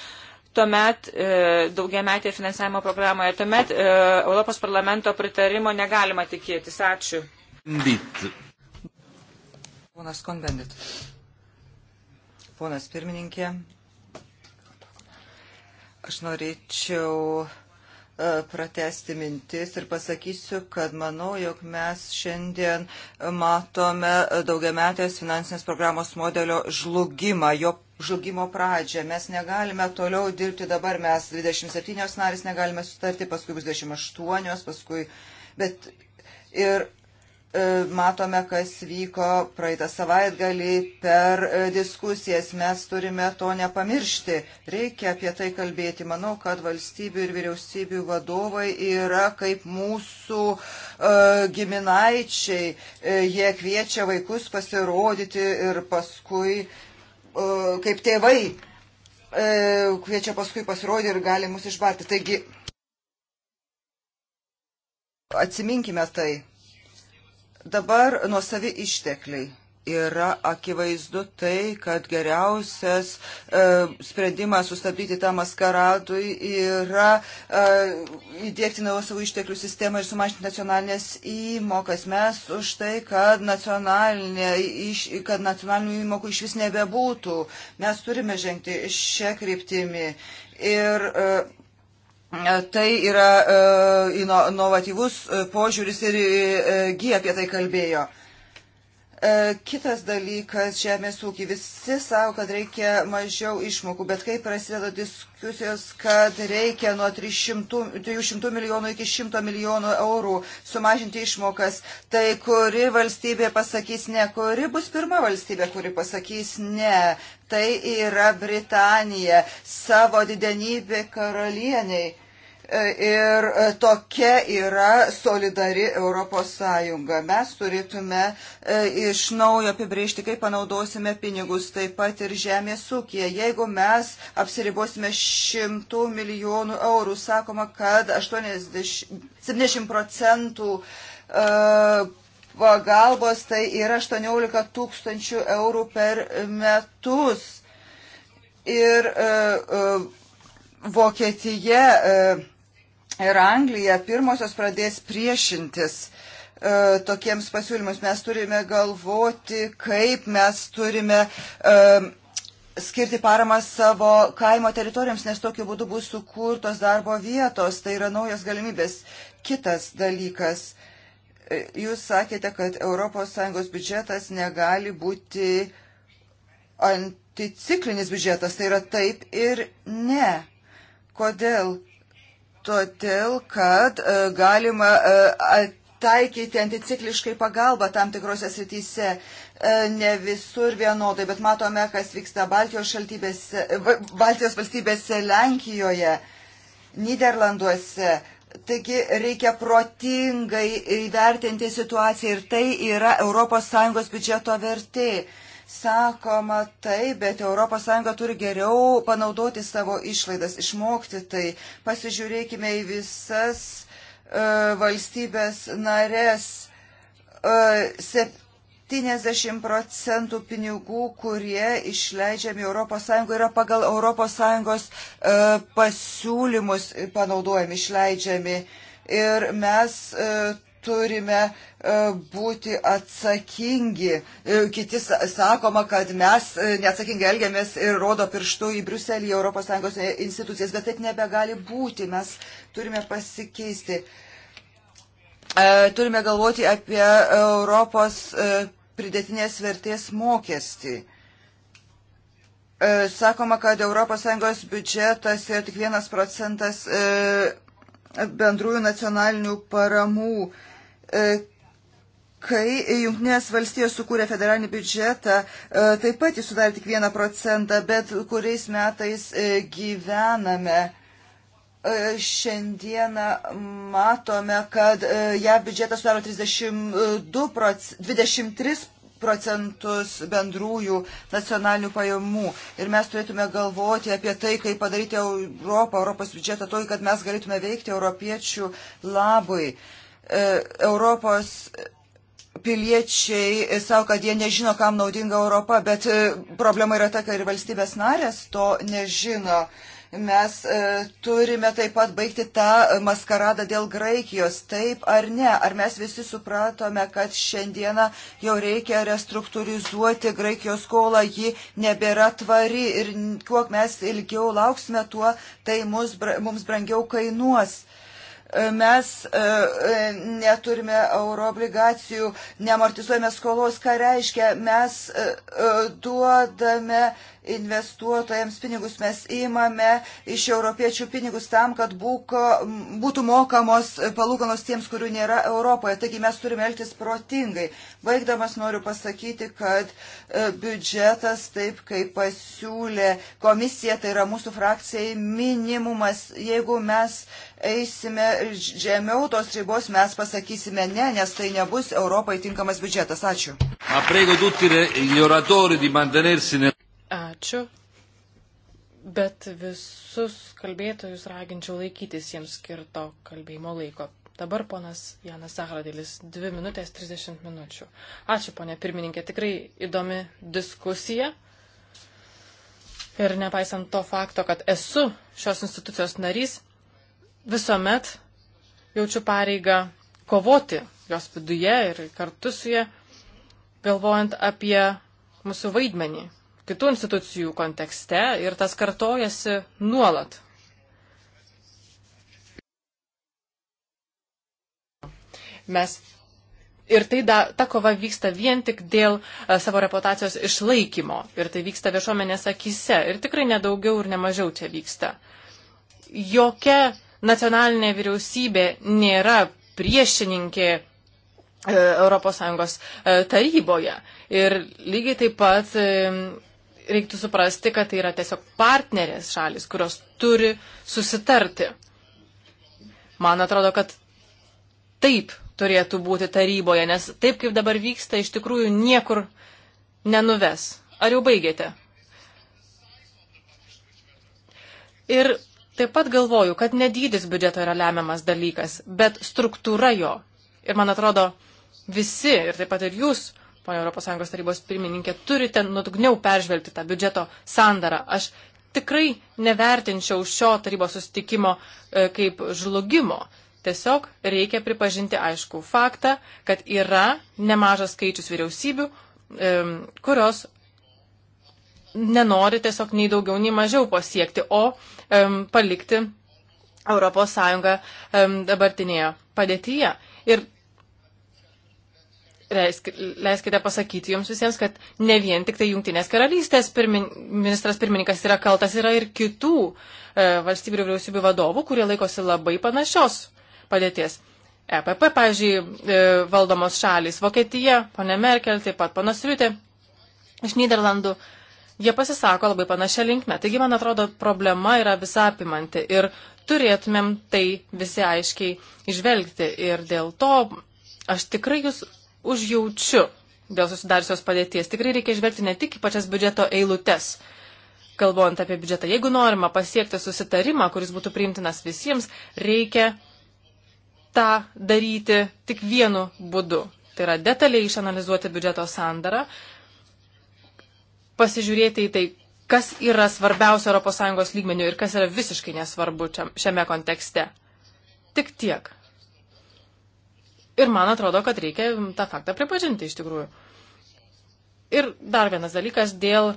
tuomet e, daugiametė finansavimo programoje, tuomet e, Europos parlamento pritarimo negalima tikėtis. Ačiū. Bit. Ponas Konbendit. Ponas pirmininkė, aš norėčiau E, pratesti mintis ir pasakysiu, kad manau, jog mes šiandien matome daugiametės finansinės programos modelio žlugimą, jo žlugimo pradžią. Mes negalime toliau dirbti dabar, mes 27 narys negalime sutarti, paskui bus 28, paskui. Bet ir E, matome, kas vyko praeitą savaitgalį per e, diskusijas. Mes turime to nepamiršti. Reikia apie tai kalbėti. Manau, kad valstybių ir vyriausybių vadovai yra kaip mūsų uh, giminaičiai. Jie kviečia vaikus pasirodyti ir paskui, uh, kaip tėvai, uh, kviečia paskui pasirodyti ir gali mus išbarti. Taigi, atsiminkime tai. Dabar nuosavi ištekliai yra akivaizdu tai, kad geriausias e, sprendimas sustabdyti tą maskaradui yra e, įdėkti nuosavų išteklių sistemą ir sumažinti nacionalinės įmokas. Mes už tai, kad, nacionalinė, iš, kad nacionalinių įmokų iš vis nebebūtų. Mes turime žengti šią kryptimį. Ir e, E, tai yra e, inovatyvus e, požiūris ir G apie tai kalbėjo. Kitas dalykas - žemės ūkiai. Visi savo, kad reikia mažiau išmokų, bet kai prasideda diskusijos, kad reikia nuo 300, 300 milijonų iki 100 milijonų eurų sumažinti išmokas, tai kuri valstybė pasakys ne, kuri bus pirma valstybė, kuri pasakys ne. Tai yra Britanija savo didenybė karalieniai E, ir e, tokia yra solidari Europos Sąjunga. Mes turėtume e, iš naujo apibrėžti, kaip panaudosime pinigus, taip pat ir žemės ūkija. Jeigu mes apsiribosime šimtų milijonų eurų, sakoma, kad 80, 70 procentų pagalbos tai yra 18 tūkstančių eurų per metus. Ir uh, uh, Vokietija uh, ir Anglija pirmosios pradės priešintis e, tokiems pasiūlymus. Mes turime galvoti, kaip mes turime e, skirti paramą savo kaimo teritorijoms, nes tokiu būdu bus sukurtos darbo vietos, tai yra naujos galimybės. Kitas dalykas, e, jūs sakėte, kad ES biudžetas negali būti anticiklinis biudžetas, tai yra taip ir ne. Kodėl? todėl, kad e, galima e, taikyti anticikliškai pagalbą tam tikrose srityse, e, ne visur vienodai, bet matome, kas vyksta Baltijos, Baltijos valstybėse, Lenkijoje, Niderlanduose. Taigi reikia protingai įvertinti situaciją ir tai yra ES biudžeto vertė sakoma tai, bet ES turi geriau panaudoti savo išlaidas, išmokti tai. Pasižiūrėkime į visas e, valstybės narės. E, sep, 70 procentų pinigų, kurie išleidžiami ES, yra pagal ES e, pasiūlymus panaudojami, išleidžiami. Ir mes e, turime e, būti atsakingi. E, kiti sakoma, kad mes e, neatsakingai elgiamės ir rodo pirštų į Bruselį, į ES institucijas, bet taip nebegali būti. Mes turime pasikeisti. Turime galvoti apie Europos pridėtinės vertės mokestį. Sakoma, kad ES biudžetas yra tik vienas procentas bendrųjų nacionalinių paramų. E, kai Junktinės valstijos sukūrė federalinį biudžetą, e, taip pat jis sudarė tik vieną procentą, bet kuriais metais e, gyvename. Šiandieną matome, kad JAV biudžetas sudaro 32 proc, 23 procentus bendrųjų nacionalinių pajamų. Ir mes turėtume galvoti apie tai, kaip padaryti Europą, Europos biudžetą tokį, kad mes galėtume veikti europiečių labui. Uh, E, Europos piliečiai savo, kad jie nežino, kam naudinga Europa, bet e, problema yra ta, kad ir valstybės narės to nežino. Mes e, turime taip pat baigti tą maskaradą dėl Graikijos, taip ar ne? Ar mes visi supratome, kad šiandieną jau reikia restruktūrizuoti Graikijos skolą, ji nebėra tvari ir kuo mes ilgiau lauksime, tuo tai mums brangiau kainuos mes e, e, neturime euroobligacijų, nemortizuojame skolos, ką reiškia, mes e, duodame investuotojams pinigus mes įmame iš europiečių pinigus tam, kad būko, būtų mokamos palūkanos tiems, kurių nėra Europoje. Taigi mes turime elgtis protingai. Baigdamas noriu pasakyti, kad e, biudžetas taip, kaip pasiūlė komisija, tai yra mūsų frakcijai minimumas. Jeigu mes eisime žemiau tos ribos, mes pasakysime ne, nes tai nebus Europai tinkamas biudžetas. Ačiū. Ma prego tutti gli oratori di mantenersi nel... Ačiū. Bet visus kalbėtojus raginčiau laikytis jiems skirto kalbėjimo laiko. Dabar ponas Janas Zahradėlis, 2 minutės 30 minučių. Ačiū, ponė pirmininkė, tikrai įdomi diskusija. Ir nepaisant to fakto, kad esu šios institucijos narys, visuomet jaučiu pareigą kovoti jos viduje ir kartu su jie, galvojant apie mūsų vaidmenį kitų institucijų kontekste ir tas kartojasi nuolat. Mes ir tai da, ta kova vyksta vien tik dėl a, e, savo reputacijos išlaikymo ir tai vyksta viešuomenės akise ir tikrai nedaugiau ir nemažiau čia vyksta. Jokia nacionalinė vyriausybė nėra priešininkė ES e, taryboje. Ir lygiai taip pat e, reiktų suprasti, kad tai yra tiesiog partnerės šalis, kurios turi susitarti. Man atrodo, kad taip turėtų būti taryboje, nes taip kaip dabar vyksta, iš tikrųjų niekur nenuves. Ar jau baigėte? Ir taip pat galvoju, kad nedydis biudžeto yra lemiamas dalykas, bet struktūra jo. Ir man atrodo, visi, ir taip pat ir jūs, ponia ES tarybos pirmininkė, turite nuodugniau peržvelgti tą biudžeto sandarą. Aš tikrai nevertinčiau šio tarybos sustikimo e, kaip žlugimo. Tiesiog reikia pripažinti aišku faktą, kad yra nemažas skaičius vyriausybių, e, kurios nenori tiesiog nei daugiau, nei mažiau pasiekti, o e, palikti ES e, dabartinėje padėtyje. Ir Leisk, leiskite pasakyti jums visiems, kad ne vien tik tai Junktinės karalystės pirmin, ministras pirmininkas yra kaltas, yra ir kitų e, valstybių ir vyriausybių vadovų, kurie laikosi labai panašios padėties. EPP, pavyzdžiui, e, valdomos šalys Vokietija, ponė Merkel, taip pat panas Riutė iš Niderlandų, jie pasisako labai panašią linkmę. Taigi, man atrodo, problema yra visapimanti ir turėtumėm tai visi aiškiai išvelgti. Ir dėl to aš tikrai jūs užjaučiu dėl susidariusios padėties. Tikrai reikia žvelgti ne tik į pačias biudžeto eilutes, kalbant apie biudžetą. Jeigu norima pasiekti susitarimą, kuris būtų priimtinas visiems, reikia tą daryti tik vienu būdu. Tai yra detaliai išanalizuoti biudžeto sandarą, pasižiūrėti į tai, kas yra svarbiausia ES lygmenių ir kas yra visiškai nesvarbu šiame kontekste. Tik tiek. Ir man atrodo, kad reikia mm, tą faktą pripažinti iš tikrųjų. Ir dar vienas dalykas dėl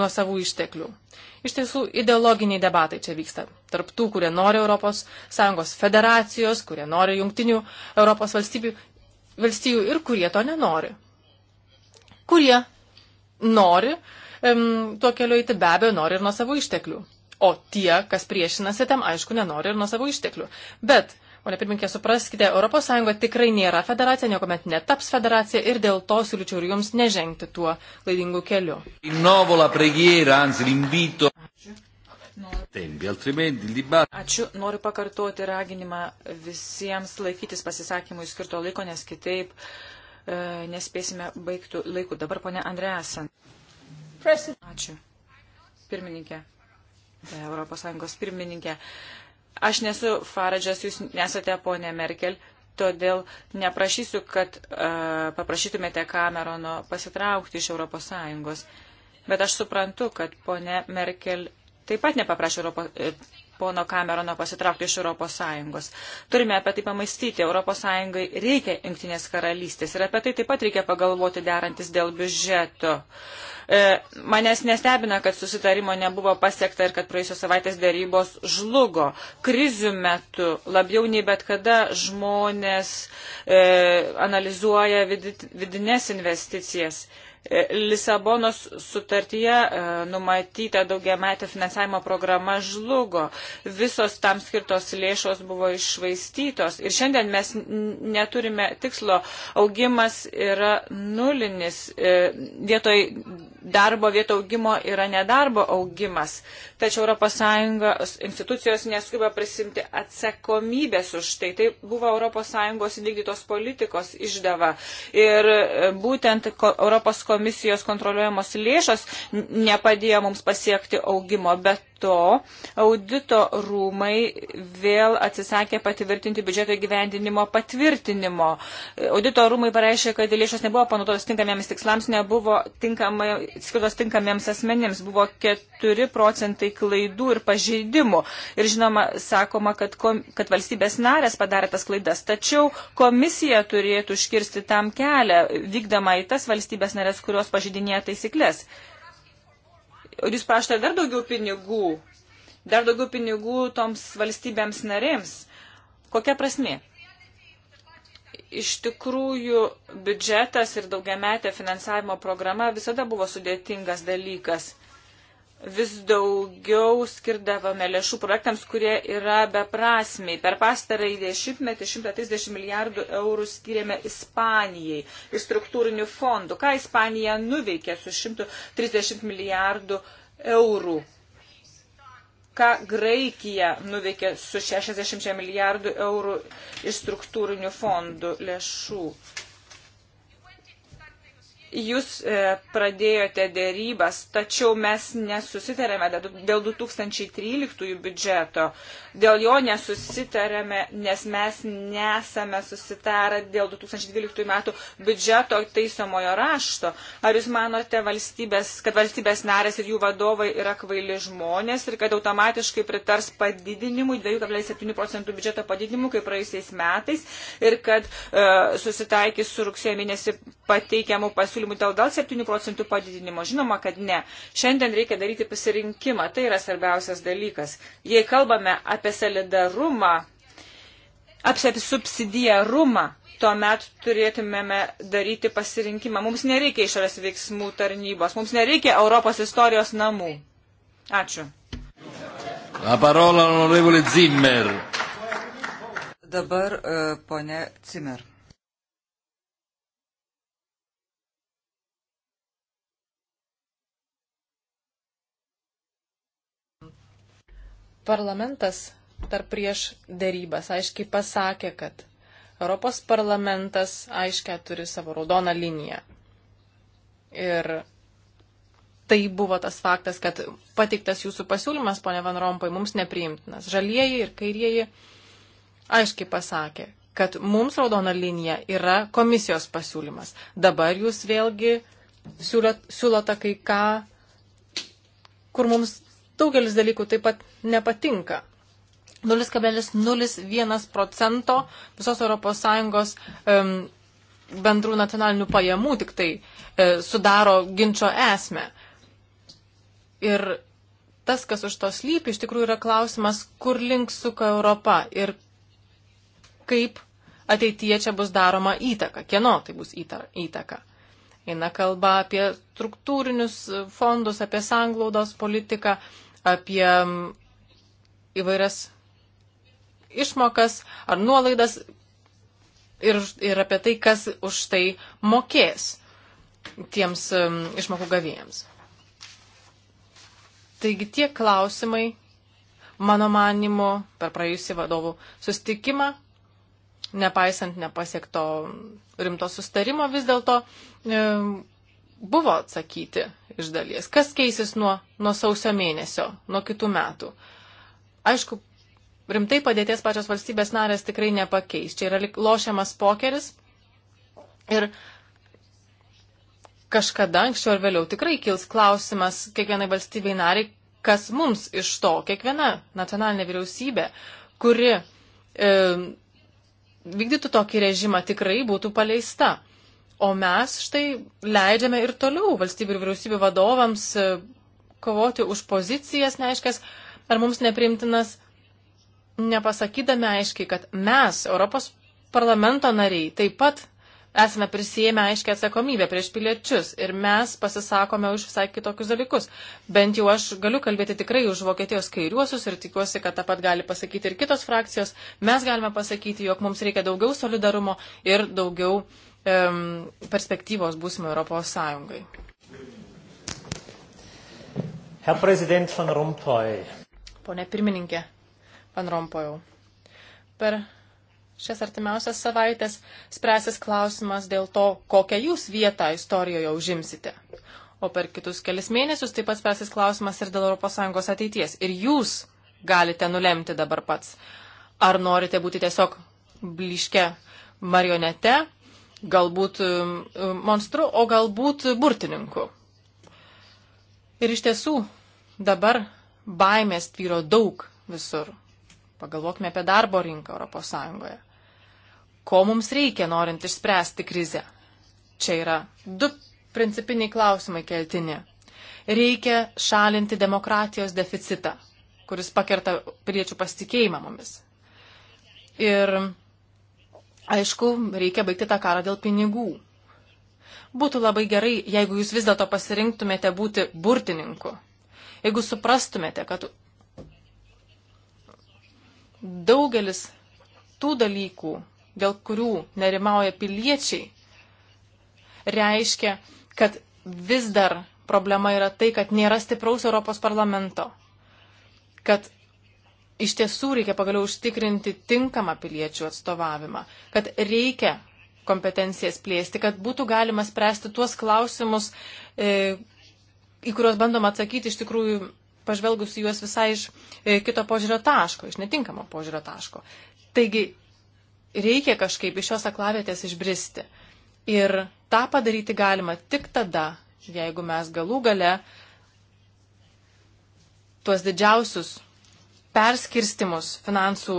nuo savų išteklių. Iš tiesų, ideologiniai debatai čia vyksta. Tarp tų, kurie nori ES federacijos, kurie nori jungtinių ES valstybių, valstybių ir kurie to nenori. Kurie nori um, tuo keliu eiti, be abejo, nori ir nuo savo išteklių. O tie, kas priešinasi, tam aišku, nenori ir nuo savo išteklių. Bet Pone pirminkė, supraskite, ES tikrai nėra federacija, niekuomet netaps federacija ir dėl to siūlyčiau ir jums nežengti tuo klaidingu keliu. Ačiū, noriu pakartoti raginimą visiems laikytis pasisakymui skirto laiko, nes kitaip e, nespėsime baigtų laikų. Dabar ponė Andreasen. Ačiū. Pirmininkė. ES pirmininkė. Aš nesu Faradžas, jūs nesate ponė Merkel, todėl neprašysiu, kad uh, paprašytumėte Kamerono pasitraukti iš ES. Bet aš suprantu, kad ponė Merkel taip pat nepaprašė Europo, e, pono Kamerono pasitraukti iš ES. Turime apie tai pamastyti. ES reikia jungtinės karalystės ir apie tai taip pat reikia pagalvoti derantis dėl biudžeto. E, manęs nestebina, kad susitarimo nebuvo pasiekta ir kad praėjusios savaitės dėrybos žlugo. Krizių metu labiau nei bet kada žmonės e, analizuoja vidinės investicijas. Lisabonos sutartyje e, numatyta daugiametė finansavimo programa žlugo. Visos tam skirtos lėšos buvo išvaistytos. Ir šiandien mes neturime tikslo. Augimas yra nulinis. E, vietoj darbo vieto augimo yra nedarbo augimas. Tačiau ES institucijos neskuba prisimti atsakomybės už tai. Tai buvo ES vykdytos politikos išdava. Ir e, būtent ES komisijos kontroliuojamos lėšos nepadėjo mums pasiekti augimo, bet to audito rūmai vėl atsisakė patvirtinti biudžeto gyvendinimo patvirtinimo. Audito rūmai pareiškė, kad lėšos nebuvo panaudotos tinkamiems tikslams, nebuvo tinkamai, skirtos tinkamiems asmenims, buvo 4 procentai klaidų ir pažeidimų. Ir žinoma, sakoma, kad, kom, kad valstybės narės padarė tas klaidas, tačiau komisija turėtų užkirsti tam kelią, vykdama į tas valstybės narės, kurios pažydinėja taisyklės. Ir jūs prašote dar daugiau pinigų, dar daugiau pinigų toms valstybėms narėms. Kokia prasme? Iš tikrųjų, biudžetas ir daugiametė finansavimo programa visada buvo sudėtingas dalykas vis daugiau skirdavome lėšų projektams, kurie yra beprasmiai. Per pastarąjį dešimtmetį 130 milijardų eurų skiriame Ispanijai iš struktūrinių fondų. Ką Ispanija nuveikė su 130 milijardų eurų? Ką Graikija nuveikė su 60 milijardų eurų iš struktūrinių fondų lėšų? Jūs e, pradėjote dėrybas, tačiau mes nesusitarėme dėl 2013 biudžeto. Dėl jo nesusitarėme, nes mes nesame susitarę dėl 2012 metų biudžeto taisomojo rašto. Ar jūs manote, valstybės, kad valstybės narės ir jų vadovai yra kvaili žmonės ir kad automatiškai pritars padidinimui, 2,7 procentų biudžeto padidinimui, kaip praėjusiais metais, ir kad e, susitaikys su rugsėjo mėnesį pateikiamų pasiūlymų? pasiūlymų dėl, dėl 7 procentų padidinimo. Žinoma, kad ne. Šiandien reikia daryti pasirinkimą. Tai yra svarbiausias dalykas. Jei kalbame apie solidarumą, apie subsidijarumą, tuomet turėtumėme daryti pasirinkimą. Mums nereikia išorės veiksmų tarnybos, mums nereikia Europos istorijos namų. Ačiū. La parola onorevole Zimmer. Dabar uh, e, ponia Zimmer. parlamentas tarp prieš darybas aiškiai pasakė, kad Europos parlamentas aiškiai turi savo raudoną liniją. Ir tai buvo tas faktas, kad patiktas jūsų pasiūlymas, ponė Van Rompai, mums nepriimtinas. Žalieji ir kairieji aiškiai pasakė, kad mums raudona linija yra komisijos pasiūlymas. Dabar jūs vėlgi siūlote kai ką, kur mums daugelis dalykų taip pat nepatinka. 0,01 procento visos ES um, bendrų nacionalinių pajamų tik tai e, sudaro ginčio esmę. Ir tas, kas už to slypi, iš tikrųjų yra klausimas, kur link suka Europa ir kaip ateityje čia bus daroma įtaka, kieno tai bus įtaka. Eina kalba apie struktūrinius fondus, apie sanglaudos politiką, apie mm, įvairias išmokas ar nuolaidas ir, ir apie tai, kas už tai mokės tiems mm, išmokų gavėjams. Taigi tie klausimai, mano manimu, per praėjusį vadovų sustikimą, nepaisant nepasiekto rimto sustarimo, vis dėlto e, buvo atsakyti iš dalies. Kas keisis nuo, nuo sausio mėnesio, nuo kitų metų? Aišku, rimtai padėties pačios valstybės narės tikrai nepakeis. Čia yra lošiamas pokeris ir kažkada anksčiau ar vėliau tikrai kils klausimas kiekvienai valstybei nariai, kas mums iš to, kiekviena nacionalinė vyriausybė, kuri e, vykdytų tokį režimą, tikrai būtų paleista. O mes štai leidžiame ir toliau valstybių ir vyriausybių vadovams e, kovoti už pozicijas neaiškės ar mums neprimtinas, nepasakydami aiškiai, kad mes, Europos parlamento nariai, taip pat esame prisėmę aiškę atsakomybę prieš piliečius ir mes pasisakome už visai kitokius dalykus. Bent jau aš galiu kalbėti tikrai už Vokietijos kairiuosius ir tikiuosi, kad tą pat gali pasakyti ir kitos frakcijos. Mes galime pasakyti, jog mums reikia daugiau solidarumo ir daugiau perspektyvos būsimo Europos Sąjungai. Herr Präsident van Rompuy. Pone pirmininkė van Rompuyau. Per šias artimiausias savaitės spręsis klausimas dėl to, kokią jūs vietą istorijoje užimsite. O per kitus kelias mėnesius taip pat spręsis klausimas ir dėl ES ateities. Ir jūs galite nulemti dabar pats. Ar norite būti tiesiog bliške marionete, galbūt um, um, monstru, o galbūt burtininku. Ir iš tiesų dabar baimės tvyro daug visur. Pagalvokime apie darbo rinką ES. Ko mums reikia, norint išspręsti krizę? Čia yra du principiniai klausimai keltini. Reikia šalinti demokratijos deficitą, kuris pakerta piliečių pasitikėjimą mumis. Ir Aišku, reikia baigti tą karą dėl pinigų. Būtų labai gerai, jeigu jūs vis dėlto pasirinktumėte būti burtininku. Jeigu suprastumėte, kad daugelis tų dalykų, dėl kurių nerimauja piliečiai, reiškia, kad vis dar problema yra tai, kad nėra stipraus Europos parlamento, kad iš tiesų reikia pagaliau užtikrinti tinkamą piliečių atstovavimą, kad reikia kompetencijas plėsti, kad būtų galima spręsti tuos klausimus, e, į kuriuos bandoma atsakyti iš tikrųjų pažvelgus į juos visai iš e, kito požiūrio taško, iš netinkamo požiūrio taško. Taigi reikia kažkaip iš šios aklavietės išbristi. Ir tą padaryti galima tik tada, jeigu mes galų gale tuos didžiausius perskirstimus finansų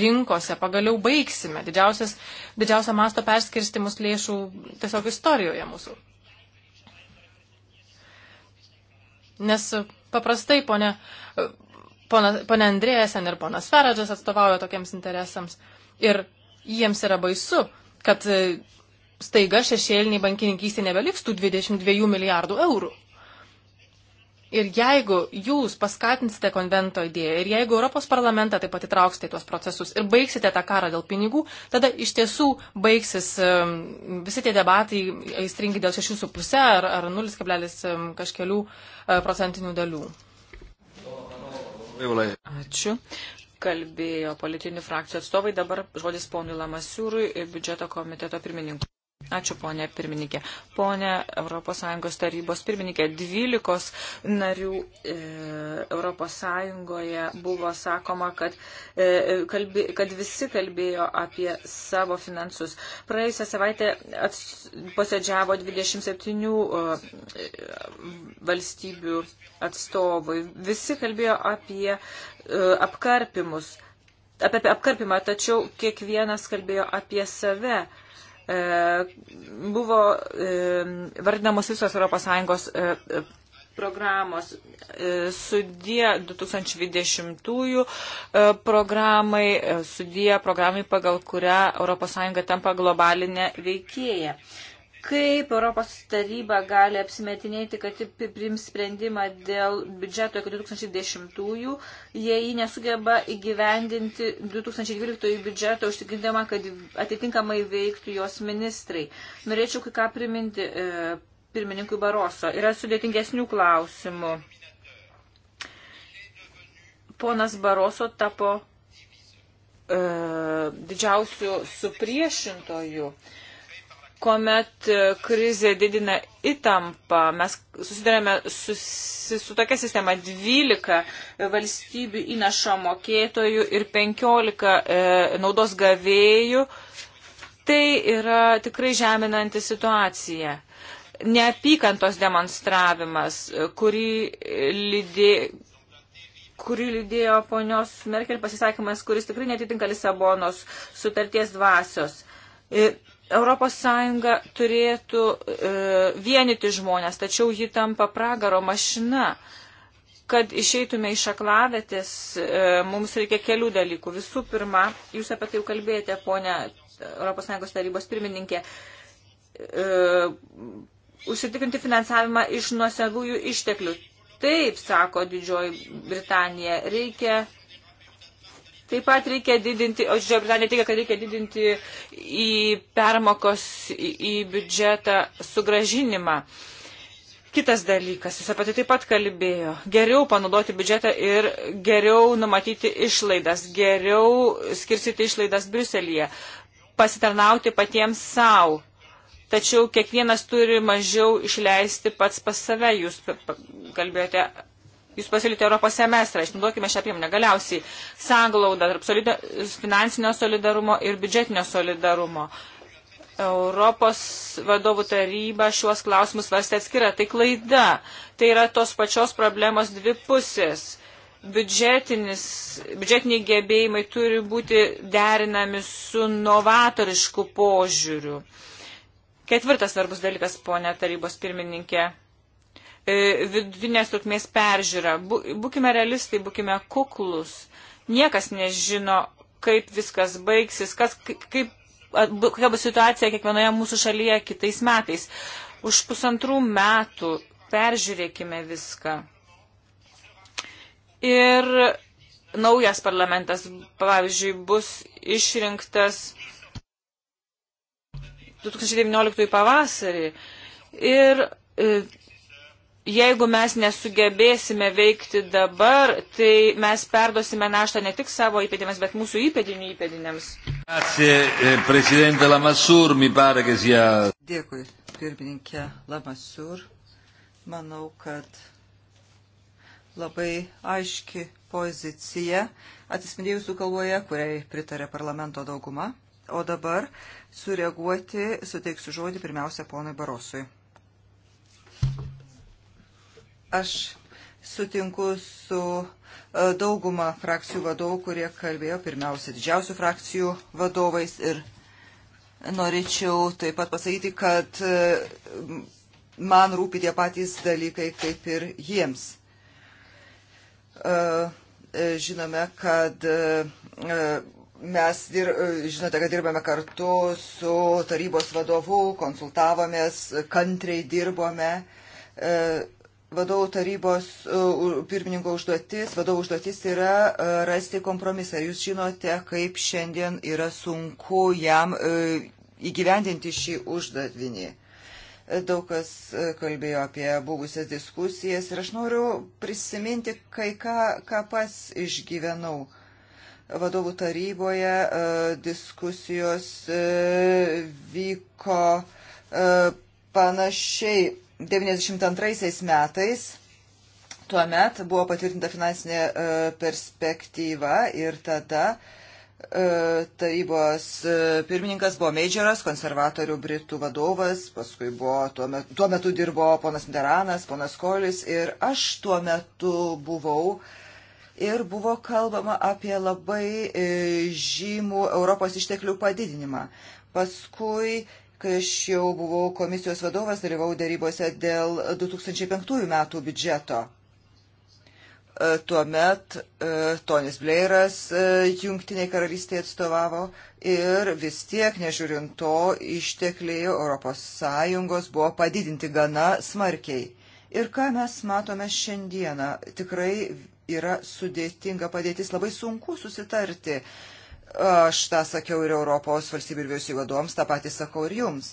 rinkose pagaliau baigsime, Didžiausias, didžiausia masto perskirstimus lėšų tiesiog istorijoje mūsų. Nes paprastai ponė, ponė Andrėjasen ir ponas Feradžas atstovauja tokiems interesams ir jiems yra baisu, kad staiga šešėliniai bankininkystė nebeliks tų 22 milijardų eurų. Ir jeigu jūs paskatinsite konvento idėją ir jeigu Europos parlamentą taip pat įtrauksite į tuos procesus ir baigsite tą karą dėl pinigų, tada iš tiesų baigsis visi tie debatai aistringi dėl 6,5 ar, ar 0, kažkelių e, procentinių dalių. Ačiū. Kalbėjo politinių frakcijų atstovai, dabar žodis ponui Lamasiūrui ir biudžeto komiteto pirmininkui. Ačiū, ponė pirmininkė. Ponė ES tarybos pirmininkė, 12 narių e, ES buvo sakoma, kad, e, kalbė, kad visi kalbėjo apie savo finansus. Praėjusią savaitę ats, posėdžiavo 27 e, valstybių atstovai. Visi kalbėjo apie e, apkarpimus, apie, apie apkarpimą, tačiau kiekvienas kalbėjo apie save. E, E, buvo e, vardinamos visos ES e, programos sudie 2020 programai, sudie programai, pagal kurią ES tampa globalinė veikėja. Kaip Europos taryba gali apsimetinėti, kad priims sprendimą dėl biudžeto iki 2010-ųjų, jei ji nesugeba įgyvendinti 2012 biudžeto, užtikrindama, kad atitinkamai veiktų jos ministrai. Norėčiau kai ką priminti e, pirmininkui Baroso. Yra sudėtingesnių klausimų. Ponas Baroso tapo e, didžiausių supriešintojų. E, kuomet e, krizė didina įtampą. Mes susidarėme su, su tokia sistema 12 e, valstybių įnašo mokėtojų ir 15 e, naudos gavėjų. Tai yra tikrai žeminanti situacija. Neapykantos demonstravimas, e, kurį lydė, kurį lydėjo ponios Merkel pasisakymas, kuris tikrai netitinka Lisabonos sutarties dvasios. Ir Europos Sąjunga turėtų e, vienyti žmonės, tačiau ji tampa pragaro mašina. Kad išeitume iš aklavėtės, e, mums reikia kelių dalykų. Visų pirma, jūs apie tai jau kalbėjote, ponia Europos Sąjungos tarybos pirmininkė, e, užsitikrinti finansavimą iš nuosavųjų išteklių. Taip, sako Didžioji Britanija, reikia Taip pat reikia didinti, o Didžioji Britanija teigia, kad reikia didinti į permokos į, į biudžetą sugražinimą. Kitas dalykas, jis apie tai taip pat kalbėjo. Geriau panaudoti biudžetą ir geriau numatyti išlaidas, geriau skirsyti išlaidas Briuselėje, pasitarnauti patiems savo. Tačiau kiekvienas turi mažiau išleisti pats pas save. Jūs kalbėjote Jūs pasiūlyte Europos semestrą, išnaudokime šią priemonę. Galiausiai sanglauda tarp solida, finansinio solidarumo ir biudžetinio solidarumo. Europos vadovų taryba šiuos klausimus varstė atskira. Tai klaida. Tai yra tos pačios problemos dvi pusės. Biudžetiniai gebėjimai turi būti derinami su novatorišku požiūriu. Ketvirtas svarbus dalykas, ponė tarybos pirmininkė E, vidinės trukmės peržiūra. Būkime realistai, būkime kuklus. Niekas nežino, kaip viskas baigsis, kas, kaip, kokia bus situacija kiekvienoje mūsų šalyje kitais metais. Už pusantrų metų peržiūrėkime viską. Ir naujas parlamentas, pavyzdžiui, bus išrinktas 2019 pavasarį. Ir e, jeigu mes nesugebėsime veikti dabar, tai mes perdosime naštą ne tik savo įpėdėms, bet mūsų įpėdinių įpėdinėms. Eh, Dėkui, pirmininkė Lamasur. Manau, kad labai aiški pozicija atsispindėjo jūsų kalboje, kuriai pritarė parlamento dauguma. O dabar sureaguoti suteiksiu žodį pirmiausia ponui Barosui. Aš sutinku su e, dauguma frakcijų vadovų, kurie kalbėjo pirmiausia didžiausių frakcijų vadovais ir norėčiau taip pat pasakyti, kad e, man rūpi tie patys dalykai kaip ir jiems. E, žinome, kad mes, žinote, kad dirbame kartu su tarybos vadovu, konsultavomės, kantriai dirbome vadovų tarybos e, pirmininko užduotis, vadovų užduotis yra e, rasti kompromisą. Jūs žinote, kaip šiandien yra sunku jam e, įgyvendinti šį uždavinį. Daug kas kalbėjo apie buvusias diskusijas ir aš noriu prisiminti kai ką, ką pats išgyvenau vadovų taryboje diskusijos vyko panašiai 92 metais tuomet buvo patvirtinta finansinė e, perspektyva ir tada e, tarybos e, pirmininkas buvo Meidžeras, konservatorių Britų vadovas, paskui buvo, tuo metu, tuo metu dirbo ponas Mideranas, ponas Kolis ir aš tuo metu buvau ir buvo kalbama apie labai žymų Europos išteklių padidinimą. Paskui Kai aš jau buvau komisijos vadovas, dalyvau darybose dėl 2005 metų biudžeto. E, tuomet e, Tonis Bleiras e, jungtiniai karalystėje atstovavo ir vis tiek, nežiūrint to, ištekliai ES buvo padidinti gana smarkiai. Ir ką mes matome šiandieną, tikrai yra sudėtinga padėtis, labai sunku susitarti. Uh, Aš tą sakiau ir Europos valstybių ir vyriausybių vadovams, tą patį sakau ir jums.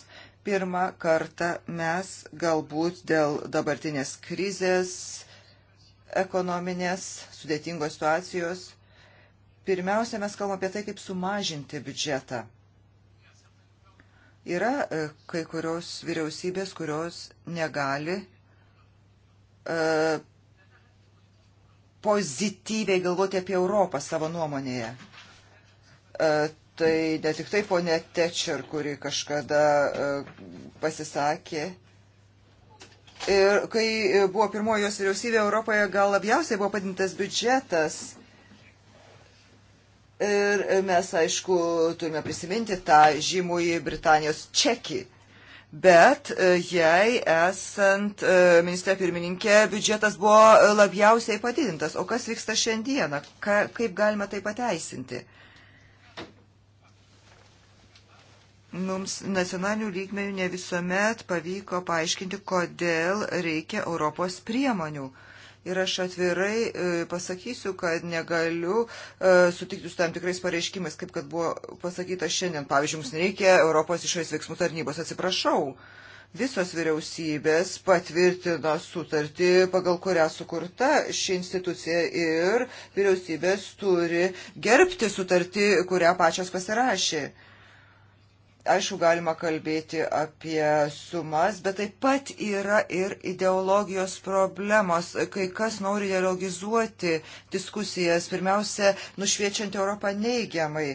Pirmą kartą mes galbūt dėl dabartinės krizės ekonominės, sudėtingos situacijos. Pirmiausia, mes kalbame apie tai, kaip sumažinti biudžetą. Yra e, kai kurios vyriausybės, kurios negali e, pozityviai galvoti apie Europą savo nuomonėje. E, tai ne tik tai ponė Tečer, kuri kažkada e, pasisakė. Ir kai buvo pirmoji jos vyriausybė Europoje, gal labiausiai buvo padintas biudžetas. Ir mes, aišku, turime prisiminti tą žymųjį Britanijos čekį bet e, jai esant ministrė pirmininkė biudžetas buvo labiausiai padidintas. O kas vyksta šiandieną? Ka, kaip galima tai pateisinti? mums nacionalinių lygmenių ne visuomet pavyko paaiškinti, kodėl reikia Europos priemonių. Ir aš atvirai e, pasakysiu, kad negaliu e, sutikti su tam tikrais pareiškimais, kaip kad buvo pasakyta šiandien. Pavyzdžiui, mums nereikia Europos išorės veiksmų tarnybos. Atsiprašau. Visos vyriausybės patvirtino sutartį, pagal kurią sukurta ši institucija ir vyriausybės turi gerbti sutartį, kurią pačios pasirašė. Aišku, galima kalbėti apie sumas, bet taip pat yra ir ideologijos problemos, kai kas nori ideologizuoti diskusijas, pirmiausia, nušviečiant Europą neigiamai.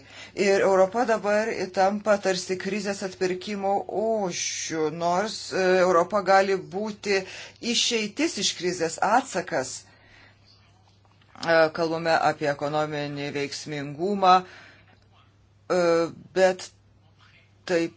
Ir Europa dabar tampa tarsi krizės atpirkimo ošių, nors e, Europa gali būti išeitis iš krizės atsakas. E, kalbame apie ekonominį veiksmingumą, e, bet Taip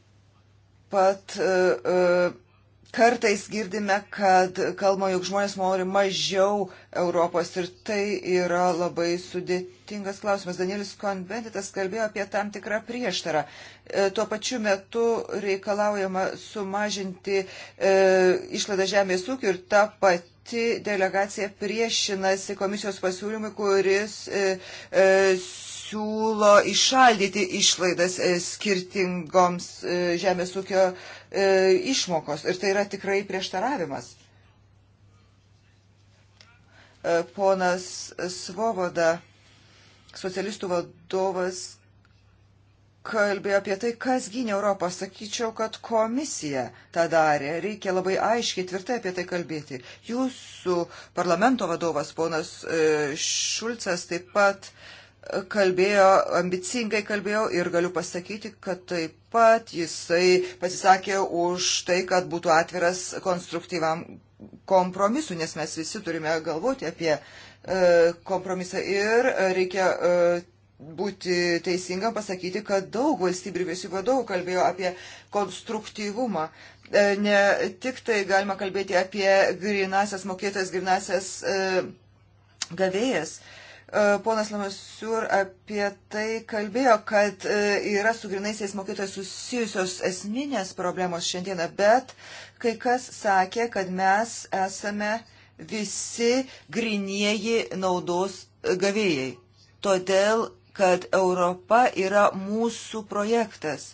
pat e, e, kartais girdime, kad kalba, jog žmonės nori mažiau Europos ir tai yra labai sudėtingas klausimas. Danielis Konventitas kalbėjo apie tam tikrą prieštarą. E, tuo pačiu metu reikalaujama sumažinti e, išlaidą žemės ūkių ir ta pati pati delegacija priešinasi komisijos pasiūlymui, kuris e, e, siūlo išaldyti išlaidas e, skirtingoms e, žemės ūkio e, išmokos. Ir tai yra tikrai prieštaravimas. Ponas Svoboda, socialistų vadovas, kalbėjo apie tai, kas gynė Europą. Sakyčiau, kad komisija tą darė. Reikia labai aiškiai, tvirtai apie tai kalbėti. Jūsų parlamento vadovas, ponas Šulcas, taip pat uh, kalbėjo, ambicingai kalbėjo ir galiu pasakyti, kad taip pat jisai pasisakė už tai, kad būtų atviras konstruktyvam kompromisu, nes mes visi turime galvoti apie e, kompromisą ir reikia e, būti teisingam pasakyti, kad daug valstybių visi vadovų kalbėjo apie konstruktyvumą. E, ne tik tai galima kalbėti apie grinasias mokėtas, grinasias e, gavėjas. E, E, ponas Lamasiur apie tai kalbėjo, kad e, yra su grinaisiais mokytojais susijusios esminės problemos šiandieną, bet kai kas sakė, kad mes esame visi grinieji naudos gavėjai. Todėl, kad Europa yra mūsų projektas.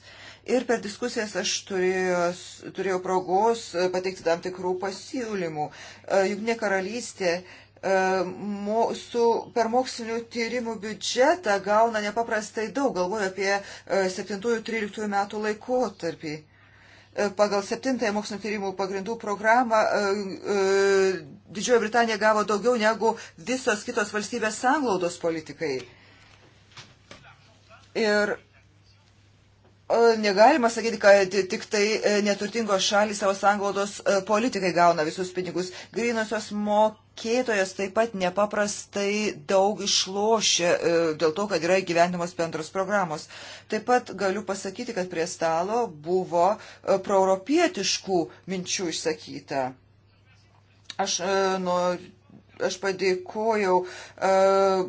Ir per diskusijas aš turėjau, turėjau progos pateikti tam tikrų pasiūlymų. E, Juk ne karalystė E, Mūsų per mokslinių tyrimų biudžetą gauna nepaprastai daug, galvoju apie 7-13 e, metų laikotarpį. E, pagal 7 mokslinio tyrimų pagrindų programą Didžioji Britanija gavo daugiau negu visos kitos valstybės sanglaudos politikai. Ir E, negalima sakyti, kad tik tai e, neturtingos šalys savo sanglaudos e, politikai gauna visus pinigus. Grinosios mokėtojas taip pat nepaprastai daug išlošia dėl to, kad yra įgyvendimos bendros programos. Taip pat galiu pasakyti, kad prie stalo buvo proeuropietiškų minčių išsakyta. Aš, nu, aš padėkojau. Uh,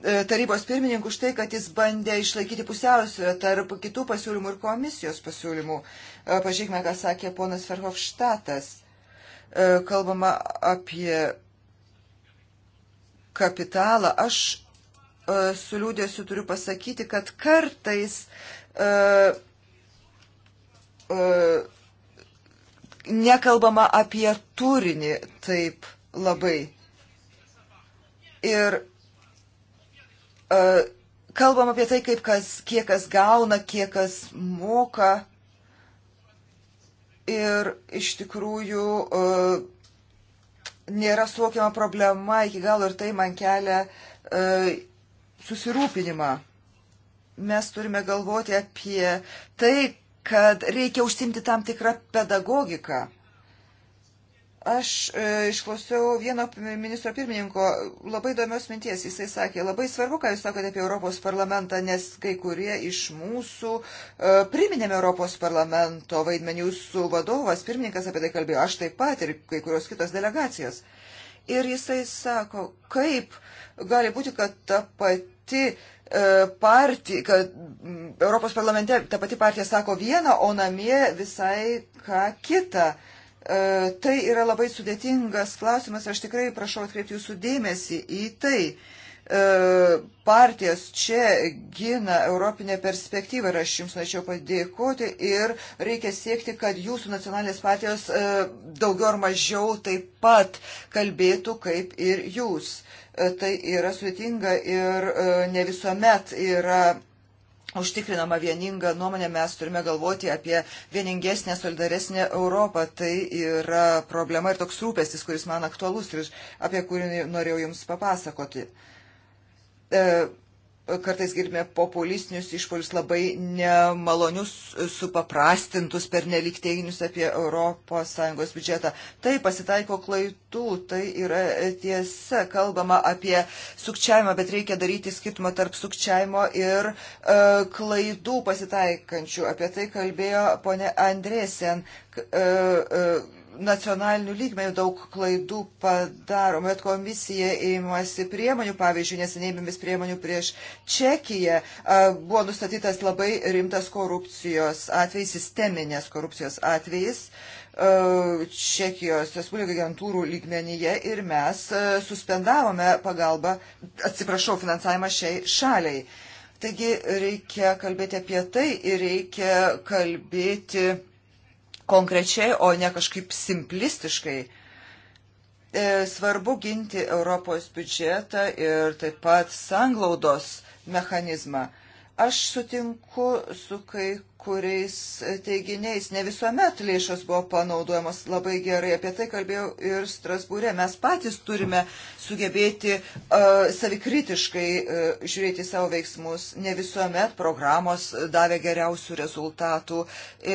E, tarybos pirmininkų už tai, kad jis bandė išlaikyti pusiausvyrą tarp kitų pasiūlymų ir komisijos pasiūlymų. E, pažiūrėkime, ką sakė ponas Verhofštatas. E, kalbama apie kapitalą. Aš su liūdėsiu turiu pasakyti, kad kartais nekalbama apie turinį taip labai. Ir E, kalbam apie tai, kaip kas, kiek kas gauna, kiek kas moka. Ir iš tikrųjų e, nėra suokiama problema iki galo ir tai man kelia e, susirūpinimą. Mes turime galvoti apie tai, kad reikia užsimti tam tikrą pedagogiką Aš e, išklausiau vieno ministro pirmininko labai įdomios minties. Jisai sakė, labai svarbu, ką jūs sakote apie Europos parlamentą, nes kai kurie iš mūsų e, priminėme Europos parlamento vaidmenį. Jūsų vadovas, pirmininkas apie tai kalbėjo, aš taip pat ir kai kurios kitos delegacijos. Ir jisai sako, kaip gali būti, kad ta pati e, partija, kad mm, Europos parlamente ta pati partija sako vieną, o namie visai ką kitą. Uh, E, tai yra labai sudėtingas klausimas, aš tikrai prašau atkreipti jūsų dėmesį į tai. E, partijos čia gina europinę perspektyvą ir aš jums norėčiau padėkoti ir reikia siekti, kad jūsų nacionalinės partijos e, daugiau ar mažiau taip pat kalbėtų kaip ir jūs. Tai yra sudėtinga ir ne visuomet yra užtikrinama vieninga nuomonė, mes turime galvoti apie vieningesnę, solidaresnę Europą. Tai yra problema ir toks rūpestis, kuris man aktualus ir apie kurį norėjau Jums papasakoti. E, kartais girdime populistinius išpolius labai nemalonius, supaprastintus per nelikteinius apie ES biudžetą. Tai pasitaiko klaidų, tai yra tiesa, kalbama apie sukčiavimą, bet reikia daryti skirtumą tarp sukčiavimo ir e, klaidų pasitaikančių. Apie tai kalbėjo ponė Andrėsen. E, e, nacionalinių lygmenių daug klaidų padarom, bet komisija įmasi priemonių, pavyzdžiui, nesenėmėmis priemonių prieš Čekiją buvo nustatytas labai rimtas korupcijos atvejis, sisteminės korupcijos atvejis Čekijos Respublikų agentūrų lygmenyje ir mes suspendavome pagalbą, atsiprašau, finansavimą šiai šaliai. Taigi reikia kalbėti apie tai ir reikia kalbėti konkrečiai, o ne kažkaip simplistiškai. E, svarbu ginti Europos biudžetą ir taip pat sanglaudos mechanizmą. Aš sutinku su kai kuriais teiginiais ne visuomet lėšos buvo panaudojamos labai gerai. Apie tai kalbėjau ir Strasbūrė. Mes patys turime sugebėti uh, savikritiškai uh, žiūrėti savo veiksmus. Ne visuomet programos davė geriausių rezultatų.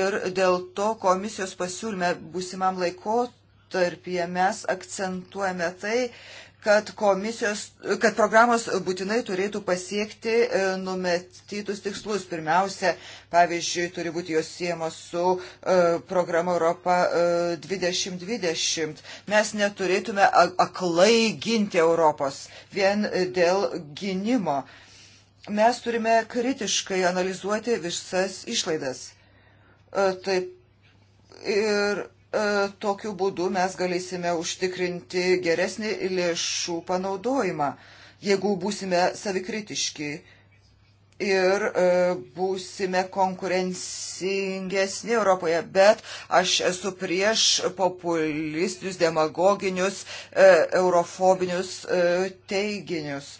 Ir dėl to komisijos pasiūlyme būsimam laiko tarpie mes akcentuojame tai, uh, kad, komisijos, kad programos būtinai turėtų pasiekti e, numetytus tikslus. Pirmiausia, pavyzdžiui, turi būti jos siemos su e, programa Europa 2020. E, Mes neturėtume aklai ginti Europos vien dėl gynimo. Mes turime kritiškai analizuoti visas išlaidas. Taip ir E, tokiu būdu mes galėsime užtikrinti geresnį lėšų panaudojimą, jeigu būsime savikritiški ir e, būsime konkurencingesni Europoje. Bet aš esu prieš populistinius, demagoginius, e, eurofobinius teiginius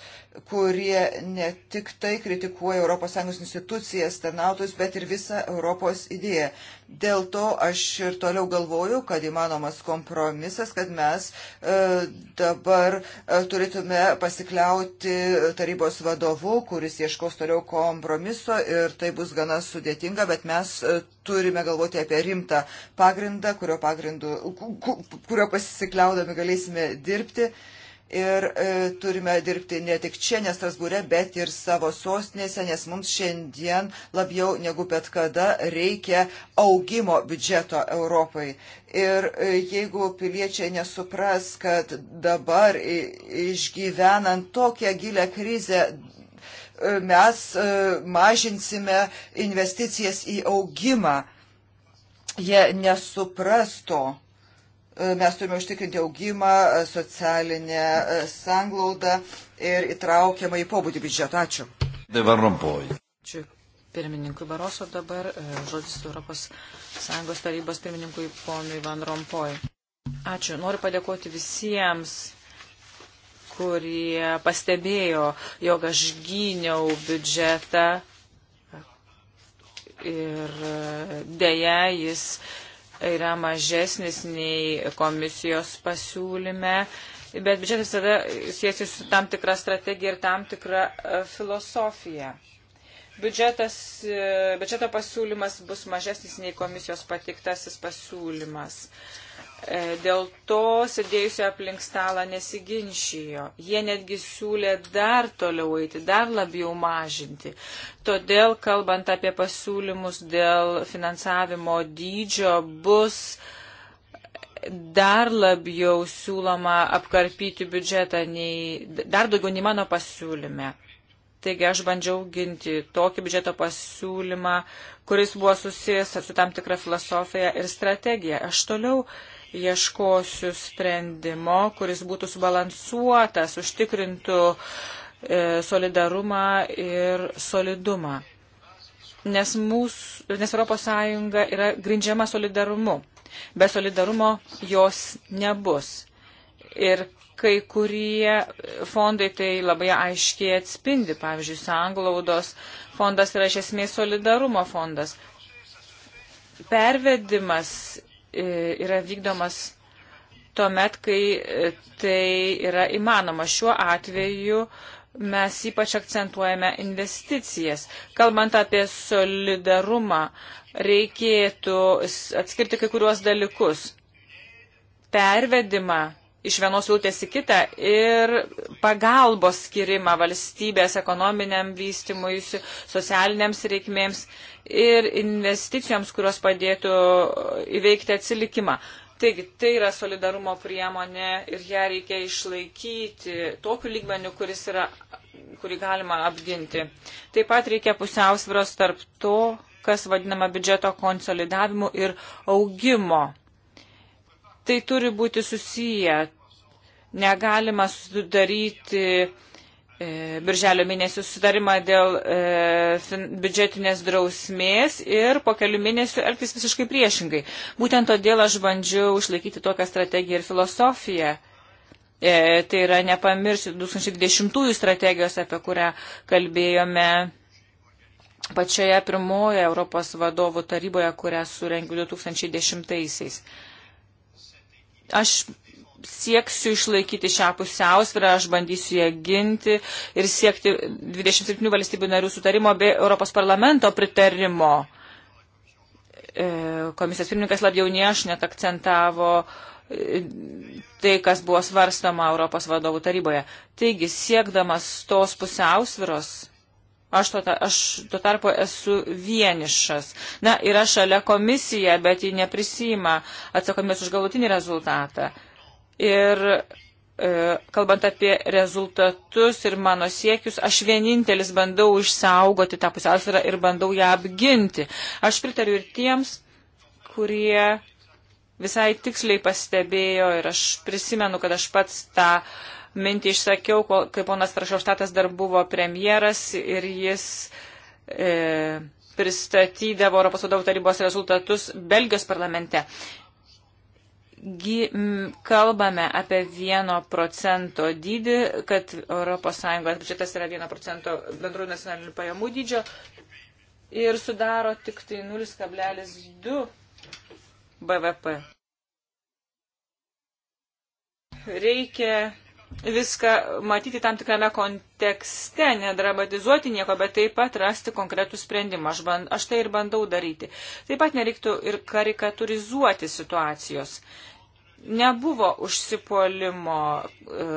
kurie ne tik tai kritikuoja ES institucijas, tarnautojus, bet ir visą Europos idėją. Dėl to aš ir toliau galvoju, kad įmanomas kompromisas, kad mes e, dabar e, turėtume pasikliauti tarybos vadovu, kuris ieškos toliau kompromiso ir tai bus gana sudėtinga, bet mes e, turime galvoti apie rimtą pagrindą, kurio, pagrindu, kurio pasikliaudami galėsime dirbti. E, ir e, turime dirbti ne tik čia, nes Strasbūre, bet ir savo sostinėse, nes mums šiandien labiau negu bet kada reikia augimo biudžeto Europai. Ir e, jeigu piliečiai nesupras, kad dabar e, išgyvenant tokią gilę krizę e, mes e, mažinsime investicijas į augimą, jie nesupras to E, mes turime užtikrinti augimą, e, socialinę e, sanglaudą ir įtraukiamą į pobūdį biudžetą. Ačiū. Ačiū. Pirmininkui Baroso dabar žodis Europos Sąjungos tarybos pirmininkui ponui Van Rompoj. Ačiū. Noriu padėkoti visiems kurie pastebėjo, jog aš gyniau biudžetą ir dėja jis uh, yra mažesnis nei komisijos pasiūlyme, bet biudžetas tada siesi su tam tikra strategija ir tam tikra e, filosofija. Biudžetas, e, biudžeto pasiūlymas bus mažesnis nei komisijos patiktasis pasiūlymas. Uh, E, dėl to sėdėjusio aplink stalą nesiginčijo. Jie netgi siūlė dar toliau eiti, dar labiau mažinti. Todėl, kalbant apie pasiūlymus dėl finansavimo dydžio, bus dar labiau siūloma apkarpyti biudžetą, nei, dar daugiau nei mano pasiūlyme. Taigi aš bandžiau ginti tokį biudžeto pasiūlymą, kuris buvo susijęs su tam tikra filosofija ir strategija. Aš toliau uh, ieškosiu sprendimo, kuris būtų subalansuotas, užtikrintų e, solidarumą ir solidumą. Nes, mūsų, nes Europos Sąjunga yra grindžiama solidarumu. Be solidarumo jos nebus. Ir kai kurie fondai tai labai aiškiai atspindi. Pavyzdžiui, Sanglaudos fondas yra iš esmės solidarumo fondas. Pervedimas E, yra vykdomas tuo met, kai e, tai yra įmanoma. Šiuo atveju mes ypač akcentuojame investicijas. Kalbant apie solidarumą, reikėtų atskirti kai kuriuos dalykus. Pervedimą iš vienos viltės į kitą ir pagalbos skirimą valstybės ekonominiam vystimuisi, socialiniams reikmėms ir investicijoms, kurios padėtų įveikti atsilikimą. Taigi, tai yra solidarumo priemonė ir ją reikia išlaikyti tokiu lygmeniu, kuris yra, kurį galima apginti. Taip pat reikia pusiausvėros tarp to, kas vadinama biudžeto konsolidavimu ir augimo. Tai turi būti susiję. Negalima sudaryti E, birželio mėnesį susitarimą dėl e, biudžetinės drausmės ir po kelių mėnesių elgtis visiškai priešingai. Būtent todėl aš bandžiau išlaikyti tokią strategiją ir filosofiją. E, tai yra nepamiršti 2010 strategijos, apie kurią kalbėjome pačioje pirmoje Europos vadovų taryboje, kurią surengiu 2010. -aisiais. Aš sieksiu išlaikyti šią pusiausvyrą, aš bandysiu ją ginti ir siekti 27 valstybių narių sutarimo bei Europos parlamento pritarimo. E, komisijos pirmininkas labiau nie aš net akcentavo e, tai, kas buvo svarstama Europos vadovų taryboje. Taigi, siekdamas tos pusiausviros, aš tuo, aš tuo tarpu esu vienišas. Na, yra šalia komisija, bet ji neprisima atsakomės už galutinį rezultatą. Ir e, kalbant apie rezultatus ir mano siekius, aš vienintelis bandau išsaugoti tą pusiausvyrą ir bandau ją apginti. Aš pritariu ir tiems, kurie visai tiksliai pastebėjo ir aš prisimenu, kad aš pats tą mintį išsakiau, kai ponas Trašauštatas dar buvo premjeras ir jis e, pristatydavo Europos vadovų tarybos rezultatus Belgijos parlamente kalbame apie vieno procento dydį, kad ES biudžetas yra vieno procento bendrų nacionalinių pajamų dydžio ir sudaro tik tai 0,2 BVP. Reikia viską matyti tam tikrame kontekste, nedramatizuoti nieko, bet taip pat rasti konkretų sprendimą. Aš, band, aš tai ir bandau daryti. Taip pat nereiktų ir karikaturizuoti situacijos. Uh, nebuvo užsipuolimo e,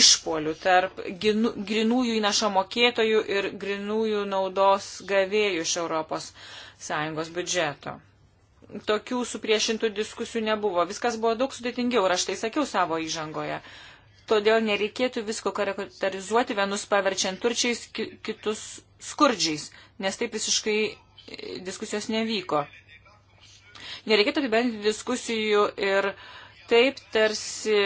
išpolių tarp ginu, grinųjų įnašo mokėtojų ir grinųjų naudos gavėjų iš ES biudžeto. Tokių supriešintų diskusijų nebuvo. Viskas buvo daug sudėtingiau ir aš tai sakiau savo įžangoje. Todėl nereikėtų visko karakterizuoti vienus paverčiant turčiais, ki kitus skurdžiais, nes taip visiškai diskusijos nevyko nereikėtų apibendinti diskusijų ir taip tarsi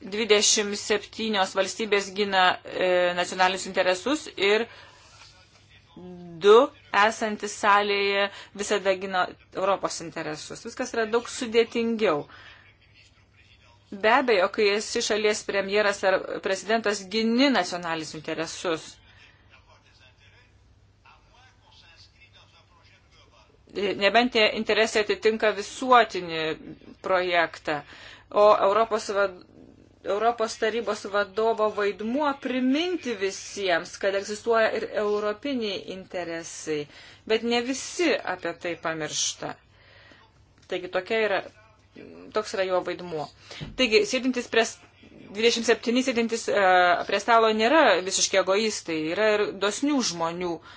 27 valstybės gina e, nacionalinius interesus ir du esantis salėje visada gina Europos interesus. Viskas yra daug sudėtingiau. Be abejo, kai esi šalies premjeras ar prezidentas, gini nacionalinius interesus. nebent tie interesai atitinka visuotinį projektą. O Europos, vad, Europos tarybos vadovo vaidmuo priminti visiems, kad egzistuoja ir europiniai interesai, bet ne visi apie tai pamiršta. Taigi tokia yra, toks yra jo vaidmuo. Taigi, sėdintis prie 27 sėdintis uh, prie stalo nėra visiškai egoistai, yra ir dosnių žmonių. Uh,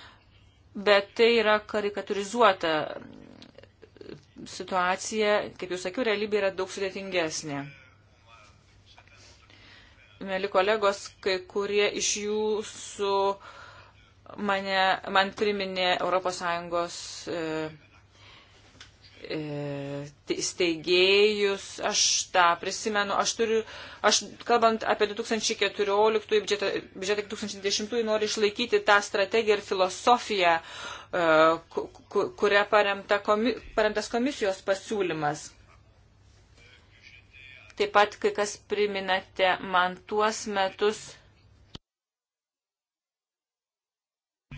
bet tai yra karikaturizuota situacija, kaip jau sakiau, realybė yra daug sudėtingesnė. Mėly kolegos, kai kurie iš jūsų mane, man priminė ES E, steigėjus, aš tą prisimenu, aš turiu, aš kalbant apie 2014 biudžetą, biudžetą 2010 noriu išlaikyti tą strategiją ir filosofiją, e, kuria paremta komi, paremtas komisijos pasiūlymas. Taip pat kai kas priminate man tuos metus,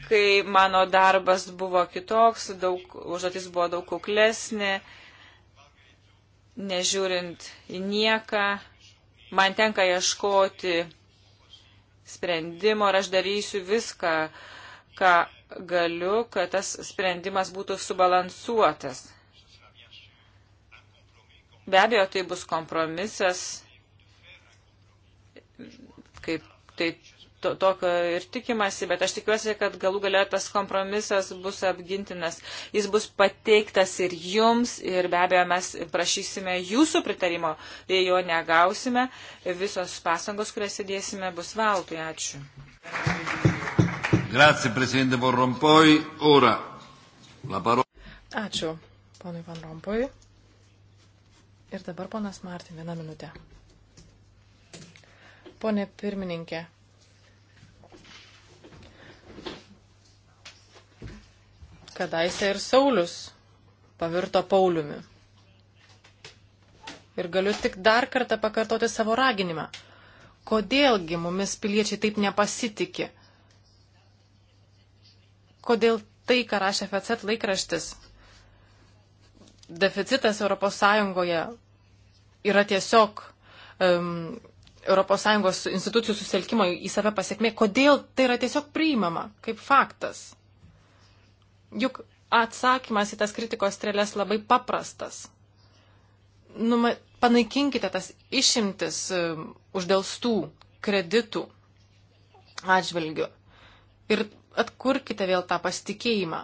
kai mano darbas buvo kitoks, daug, užduotis buvo daug kuklesnė, nežiūrint į nieką, man tenka ieškoti sprendimo ir aš darysiu viską, ką galiu, kad tas sprendimas būtų subalansuotas. Be abejo, tai bus kompromisas, kaip taip to, tokio ir tikimasi, bet aš tikiuosi, kad galų galia tas kompromisas bus apgintinas. Jis bus pateiktas ir jums ir be abejo mes prašysime jūsų pritarimo. Jei jo negausime, visos pastangos, kurias įdėsime, bus veltui. Ačiū. Grazie, prezidente Van Rompuy. Ora, la parola. Ačiū, ponui Van Rompuy. Ir dabar ponas Martin, vieną minutę. Pone pirmininkė, Kadaise ir Saulis pavirto Pauliumi. Ir galiu tik dar kartą pakartoti savo raginimą. Kodėlgi mumis piliečiai taip nepasitikė? Kodėl tai, ką rašė FCT laikraštis, deficitas ES yra tiesiog um, ES institucijų susitelkimo į save pasiekmė, kodėl tai yra tiesiog priimama kaip faktas juk atsakymas į tas kritikos strėlės labai paprastas. Numa, panaikinkite tas išimtis um, uždėlstų kreditų atžvilgių ir atkurkite vėl tą pasitikėjimą.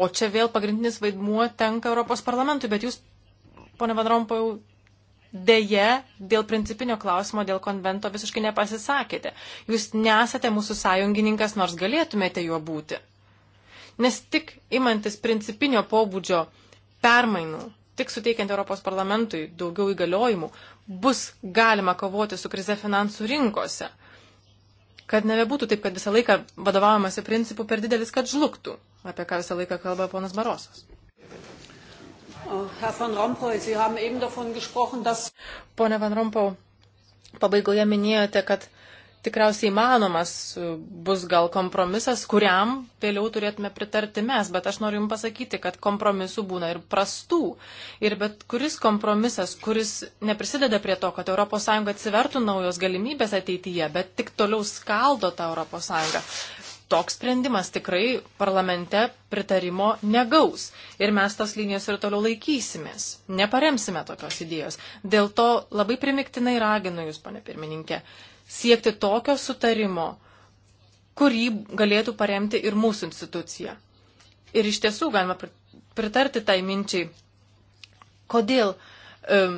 O čia vėl pagrindinis vaidmuo tenka Europos parlamentui, bet jūs, pone Van Rompau, dėje dėl principinio klausimo, dėl konvento visiškai nepasisakėte. Jūs nesate mūsų sąjungininkas, nors galėtumėte juo būti. Nes tik imantis principinio pobūdžio permainų, tik suteikiant Europos parlamentui daugiau įgaliojimų, bus galima kovoti su krize finansų rinkose. Kad nebebūtų taip, kad visą laiką vadovaujamasi principų per didelis, kad žlugtų, apie ką visą laiką kalba ponas Barosas. Äh, Pone Van Rompau, pabaigoje minėjote, kad tikriausiai įmanomas e, bus gal kompromisas, kuriam vėliau turėtume pritarti mes, bet aš noriu Jums pasakyti, kad kompromisų būna ir prastų. Ir bet kuris kompromisas, kuris neprisideda prie to, kad ES atsivertų naujos galimybės ateityje, bet tik toliau skaldo tą ES. Toks sprendimas tikrai parlamente pritarimo negaus ir mes tos linijos ir toliau laikysimės. Neparemsime tokios idėjos. Dėl to labai primiktinai raginu Jūs, pane pirmininkė, siekti tokio sutarimo, kurį galėtų paremti ir mūsų institucija. Ir iš tiesų galima pritarti tai minčiai, kodėl um,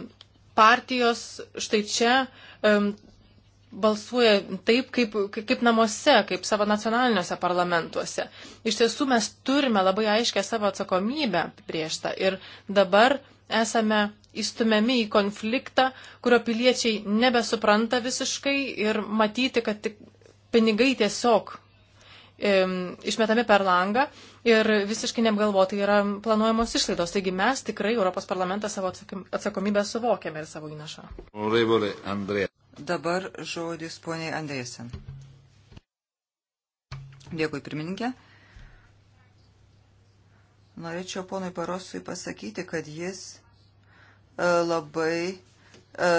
partijos štai čia um, balsuoja taip, kaip, kaip namuose, kaip savo nacionaliniuose parlamentuose. Iš tiesų mes turime labai aiškę savo atsakomybę prieš tą ir dabar esame įstumiami į konfliktą, kurio piliečiai nebesupranta visiškai ir matyti, kad tik pinigai tiesiog išmetami per langą ir visiškai neapgalvotai yra planuojamos išlaidos. Taigi mes tikrai Europos parlamentą savo atsakomybę suvokiame ir savo įnašą. Dabar žodis poniai Andrėsen. Dėkui, pirmininkė. Norėčiau ponui Parosui pasakyti, kad jis E, labai e,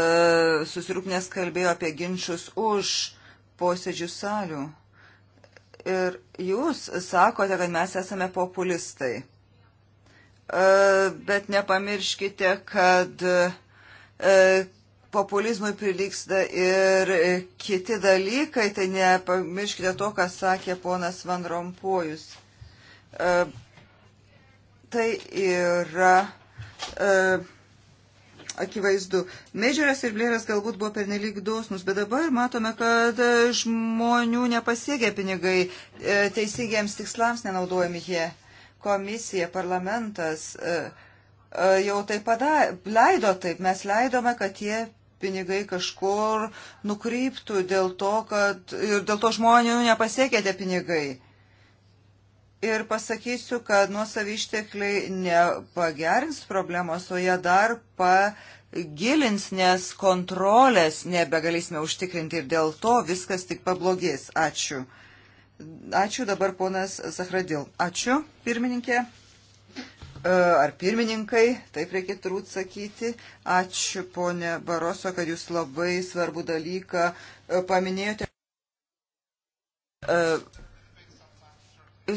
susirūpnęs kalbėjo apie ginčius už posėdžių salių. Ir jūs sakote, kad mes esame populistai. E, bet nepamirškite, kad populizmui priliksta ir kiti dalykai, tai nepamirškite to, ką sakė ponas Van Rompojus. Tai yra akivaizdu. Medžeras ir Blėras galbūt buvo pernelyg dosnus, bet dabar matome, kad žmonių nepasiekia pinigai, e, teisingiems tikslams nenaudojami jie. Komisija, parlamentas e, e, jau tai padarė, leido taip, mes leidome, kad tie pinigai kažkur nukryptų dėl to, kad ir dėl to žmonių nepasiekia tie pinigai ir pasakysiu, kad nuosavi ištekliai nepagerins problemos, o ją dar pagilins, nes kontrolės nebegalėsime užtikrinti ir dėl to viskas tik pablogės. Ačiū. Ačiū dabar ponas Zahradil. Ačiū, pirmininkė. E, ar pirmininkai, taip reikia turbūt sakyti. Ačiū, ponė Baroso, kad jūs labai svarbų dalyką e, paminėjote e,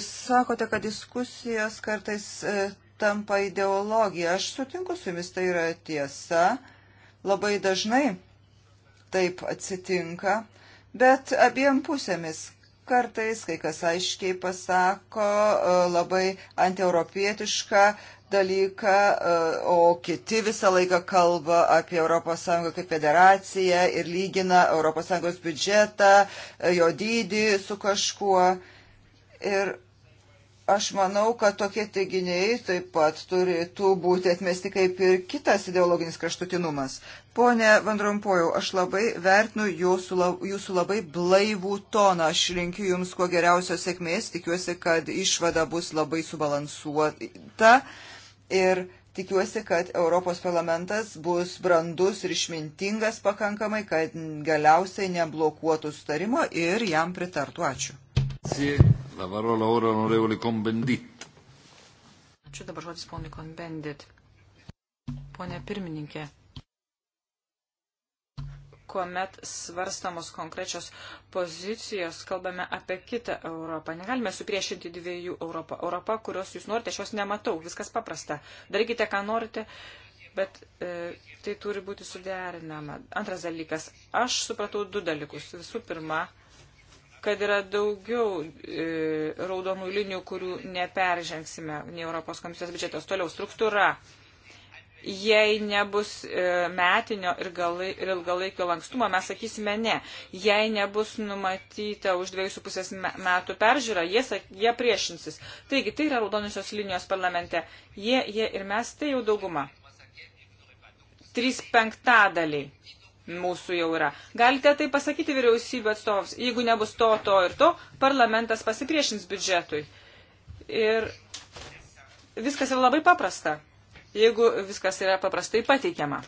sakote, kad diskusijos kartais e, tampa ideologija. Aš sutinku su jumis, tai yra tiesa. Labai dažnai taip atsitinka, bet abiem pusėmis. Kartais kai kas aiškiai pasako e, labai antieuropietišką dalyką, e, o kiti visą laiką kalba apie ES kaip federaciją ir lygina ES biudžetą, jo dydį su kažkuo. Ir aš manau, kad tokie teiginiai taip pat turėtų būti atmesti kaip ir kitas ideologinis kraštutinumas. Pone Vandrompojau, aš labai vertinu jūsų, jūsų labai blaivų toną. Aš linkiu Jums kuo geriausios sėkmės. Tikiuosi, kad išvada bus labai subalansuota. Ir Tikiuosi, kad Europos parlamentas bus brandus ir išmintingas pakankamai, kad galiausiai neblokuotų sutarimo ir jam pritartų. Ačiū. La parola ora onorevole Combendit. Ačiū dabar žodis ponui Combendit. Pone pirmininkė, kuomet svarstamos konkrečios pozicijos, kalbame apie kitą Europą. Negalime supriešinti dviejų Europą. Europą, kurios jūs norite, aš jos nematau. Viskas paprasta. Darykite, ką norite, bet e, tai turi būti suderinama. Antras dalykas. Aš supratau du dalykus. Visų pirma, kad yra daugiau e, raudonų linijų, kurių neperžengsime nei Europos komisijos biudžetos. Toliau struktūra. Jei nebus e, metinio ir, galai, ir ilgalaikio lankstumo, mes sakysime ne. Jei nebus numatyta už dviejų su pusės metų peržiūra, jie, jie priešinsis. Taigi, tai yra raudonosios linijos parlamente. Jie, jie ir mes, tai jau dauguma. Trys penktadaliai mūsų jau yra. Galite tai pasakyti vyriausybių atstovams, jeigu nebus to, to ir to, parlamentas pasipriešins biudžetui. Ir viskas yra labai paprasta, jeigu viskas yra paprastai pateikiama.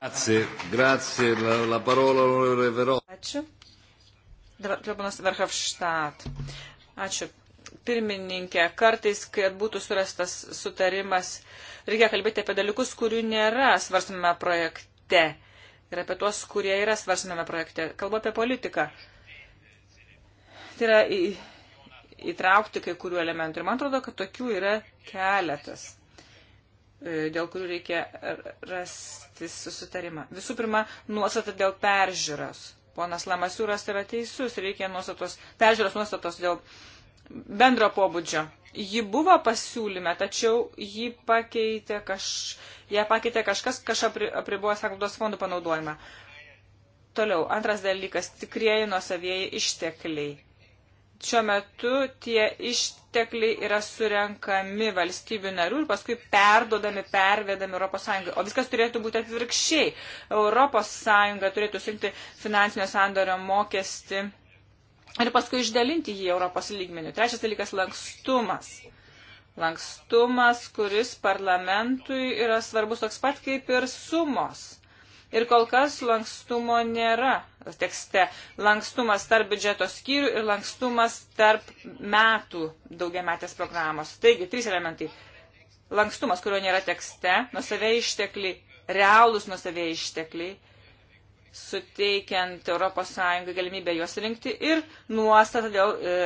Grazie, grazie, la, la parola onorevole Vero. Ačiū. Dabar ponas Verhofštat. Ačiū. Pirmininkė, kartais, kad būtų surastas sutarimas, reikia kalbėti apie dalykus, kurių nėra svarstame projekte ir apie tuos, kurie yra svarsiname projekte. Kalbu apie politiką. Tai yra į, įtraukti kai kurių elementų. Ir man atrodo, kad tokių yra keletas, e, dėl kurių reikia rasti susitarimą. Visų pirma, nuostata dėl peržiūros. Ponas Lamasiūras yra teisus, reikia nuostatos, peržiūros nuostatos dėl bendro pobūdžio Ji buvo pasiūlyme, tačiau ji pakeitė, kaž, ją pakeitė kažkas, kažkas apri, apribuoja sanglaudos fondų panaudojimą. Toliau, antras dalykas - tikrieji nuosavieji ištekliai. Šiuo metu tie ištekliai yra surenkami valstybių narių ir paskui perdodami, pervedami ES. O viskas turėtų būti atvirkščiai. ES turėtų surinkti finansinio sandorio mokestį ir paskui išdalinti jį Europos lygmenių. Trečias dalykas - lankstumas. Lankstumas, kuris parlamentui yra svarbus toks pat kaip ir sumos. Ir kol kas lankstumo nėra tekste. Lankstumas tarp biudžeto skyrių ir lankstumas tarp metų daugiametės programos. Taigi, trys elementai. Lankstumas, kurio nėra tekste, nusavė ištekliai, realūs nusavė ištekliai suteikiant ES galimybę juos rinkti ir nuostatą dėl e,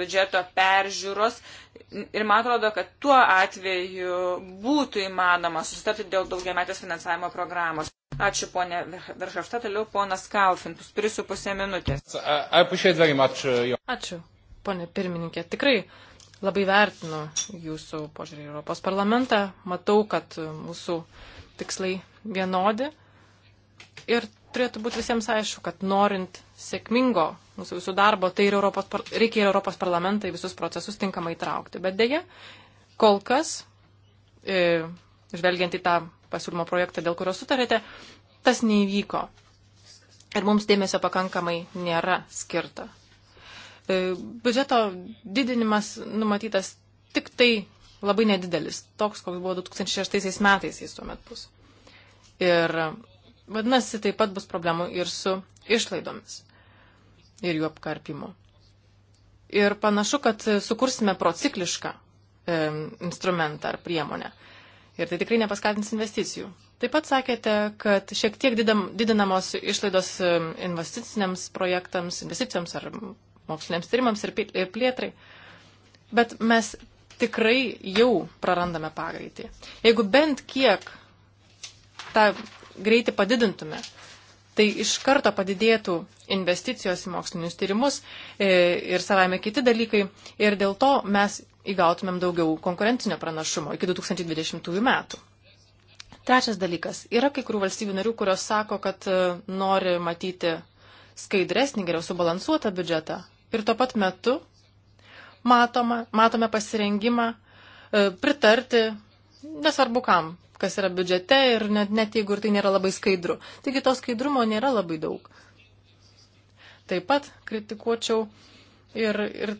biudžeto peržiūros. Ir man atrodo, kad tuo atveju būtų įmanoma susitarti dėl daugiametės finansavimo programos. Ačiū, ponė Veršafta, toliau ponas Kalfin, tris su pusė minutės. Uh, Ačiū, ponė pirmininkė. Tikrai labai vertinu jūsų požiūrį į Europos parlamentą. Matau, kad uh, mūsų tikslai vienodi Ir turėtų būti visiems aišku, kad norint sėkmingo mūsų visų darbo, tai ir Europos, reikia ir Europos parlamentą į visus procesus tinkamai įtraukti. Bet dėja, kol kas, e, žvelgiant į tą pasiūlymo projektą, dėl kurio sutarėte, tas neįvyko. Ir mums dėmesio pakankamai nėra skirta. E, biudžeto didinimas numatytas tik tai labai nedidelis, toks, koks buvo 2006 metais jis tuomet bus. Ir Vadinasi, taip pat bus problemų ir su išlaidomis ir jų apkarpimu. Ir panašu, kad sukursime prociklišką e, instrumentą ar priemonę. Ir tai tikrai nepaskatins investicijų. Taip pat sakėte, kad šiek tiek didam, didinamos išlaidos e, investiciniams projektams, investicijoms ar moksliniams tyrimams ir plėtrai. Bet mes tikrai jau prarandame pagreitį. Jeigu bent kiek tą greitį padidintume, tai iš karto padidėtų investicijos į mokslinius tyrimus e, ir savame kiti dalykai ir dėl to mes įgautumėm daugiau konkurencinio pranašumo iki 2020 metų. Trečias dalykas. Yra kai kurių valstybių narių, kurios sako, kad e, nori matyti skaidresnį, geriau subalansuotą biudžetą. Ir tuo pat metu matoma, matome pasirengimą e, pritarti, nesvarbu kam, kas yra biudžete ir net, net jeigu ir tai nėra labai skaidru. Taigi to skaidrumo nėra labai daug. Taip pat kritikuočiau ir, ir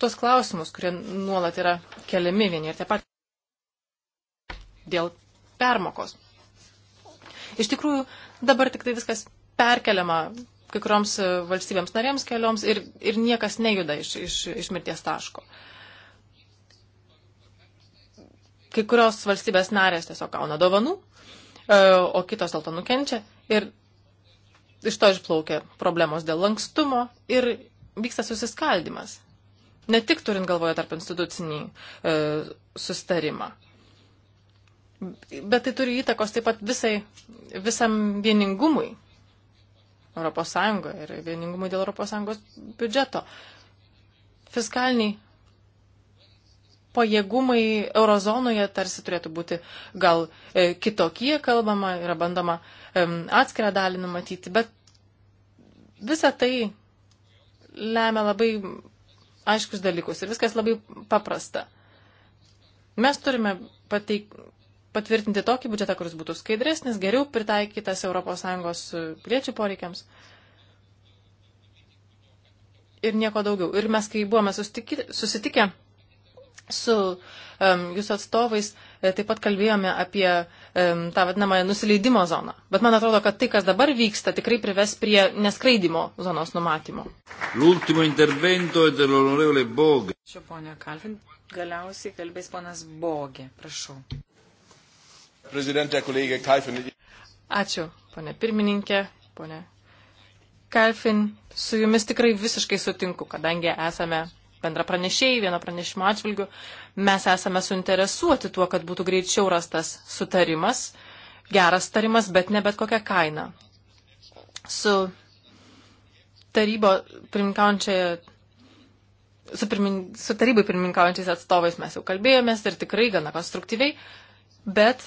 tos klausimus, kurie nuolat yra keliami vieni ir taip pat dėl permokos. Iš tikrųjų, dabar tik tai viskas perkeliama kai kurioms valstybėms narėms kelioms ir, ir niekas nejuda iš, iš, iš mirties taško. Uh, kai kurios valstybės narės tiesiog gauna dovanų, e, o kitos dėl to nukenčia. Ir iš to išplaukia problemos dėl lankstumo ir vyksta susiskaldimas. Ne tik turint galvoje tarp institucinį e, sustarimą. Bet tai turi įtakos taip pat visai, visam vieningumui ES ir vieningumui dėl ES biudžeto. Fiskaliniai pajėgumai eurozonoje tarsi turėtų būti gal e, kitokie kalbama, yra bandoma e, atskirą dalį numatyti, bet visa tai lemia labai aiškus dalykus ir viskas labai paprasta. Mes turime pateik, patvirtinti tokį biudžetą, kuris būtų skaidresnis, geriau pritaikytas ES piliečių poreikiams. Ir nieko daugiau. Ir mes, kai buvome susitikę su um, jūsų atstovais e, taip pat kalbėjome apie um, tą vadinamąją nusileidimo zoną. Bet man atrodo, kad tai, kas dabar vyksta, tikrai prives prie neskraidimo zonos numatymo. Ačiū, ponia Kalvin. Galiausiai kalbės ponas Bogė. Prašau. Ačiū, ponia pirmininkė, ponia Kalfin. Su jumis tikrai visiškai sutinku, kadangi esame bendra pranešėjai, vieno pranešimo atžvilgiu, mes esame suinteresuoti tuo, kad būtų greičiau rastas sutarimas, geras tarimas, bet ne bet kokia kaina. Su tarybo pirmininkaujančia. Su, pirmin, su tarybai pirmininkaujančiais atstovais mes jau kalbėjomės ir tikrai gana konstruktyviai, bet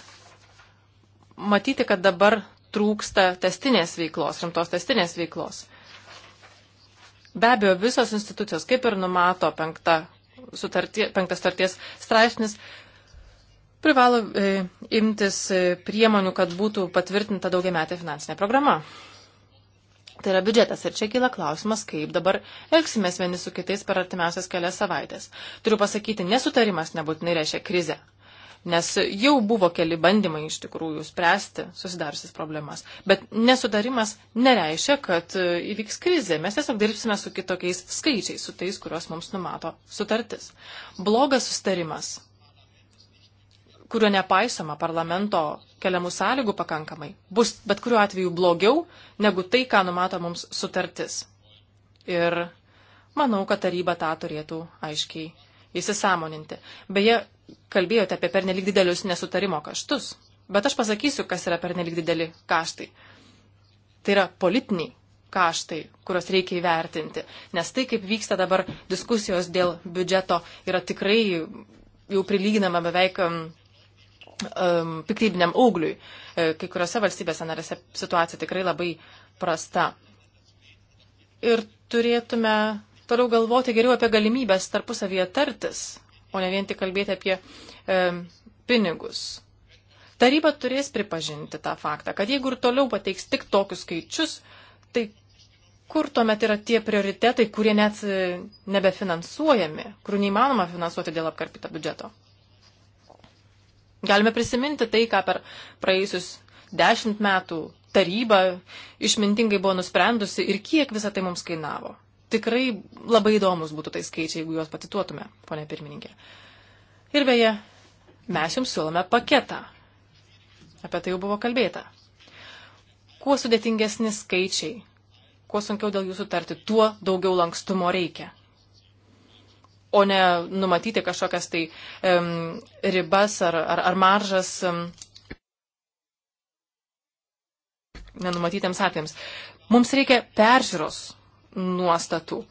matyti, kad dabar trūksta testinės veiklos, rimtos testinės veiklos. Be abejo, visos institucijos, kaip ir numato penkta sutartie, penktas starties straipsnis, privalo e, imtis e, priemonių, kad būtų patvirtinta daugiametė finansinė programa. Tai yra biudžetas ir čia kyla klausimas, kaip dabar elgsimės vieni su kitais per artimiausias kelias savaitės. Turiu pasakyti, nesutarimas nebūtinai reiškia krizę nes jau buvo keli bandymai iš tikrųjų spręsti susidariusias problemas. Bet nesudarimas nereiškia, kad e, įvyks krizė. Mes tiesiog dirbsime su kitokiais skaičiais, su tais, kuriuos mums numato sutartis. Blogas sustarimas, kurio nepaisoma parlamento keliamų sąlygų pakankamai, bus bet kuriuo atveju blogiau negu tai, ką numato mums sutartis. Ir manau, kad taryba tą turėtų aiškiai įsisamoninti. Beje, kalbėjote apie pernelik didelius nesutarimo kaštus, bet aš pasakysiu, kas yra pernelik dideli kaštai. Tai yra politiniai kaštai, kuriuos reikia įvertinti, nes tai, kaip vyksta dabar diskusijos dėl biudžeto, yra tikrai jau prilyginama beveik um, um piktybiniam augliui. E, kai kuriuose valstybėse narėse situacija tikrai labai prasta. Ir turėtume toliau galvoti geriau apie galimybės tarpusavyje tartis o ne vien tik kalbėti apie e, pinigus. Taryba turės pripažinti tą faktą, kad jeigu ir toliau pateiks tik tokius skaičius, tai kur tuomet yra tie prioritetai, kurie net e, nebefinansuojami, kurių neįmanoma finansuoti dėl apkarpyto biudžeto. Galime prisiminti tai, ką per praėjusius dešimt metų taryba išmintingai buvo nusprendusi ir kiek visą tai mums kainavo tikrai labai įdomus būtų tai skaičiai, jeigu juos patituotume, ponė pirmininkė. Ir beje, mes jums siūlome paketą. Apie tai jau buvo kalbėta. Kuo sudėtingesni skaičiai, kuo sunkiau dėl jų sutarti, tuo daugiau lankstumo reikia. O ne numatyti kažkokias tai um, ribas ar, ar, ar maržas um, nenumatytiems atvejams. Mums reikia peržiūros nuostatų.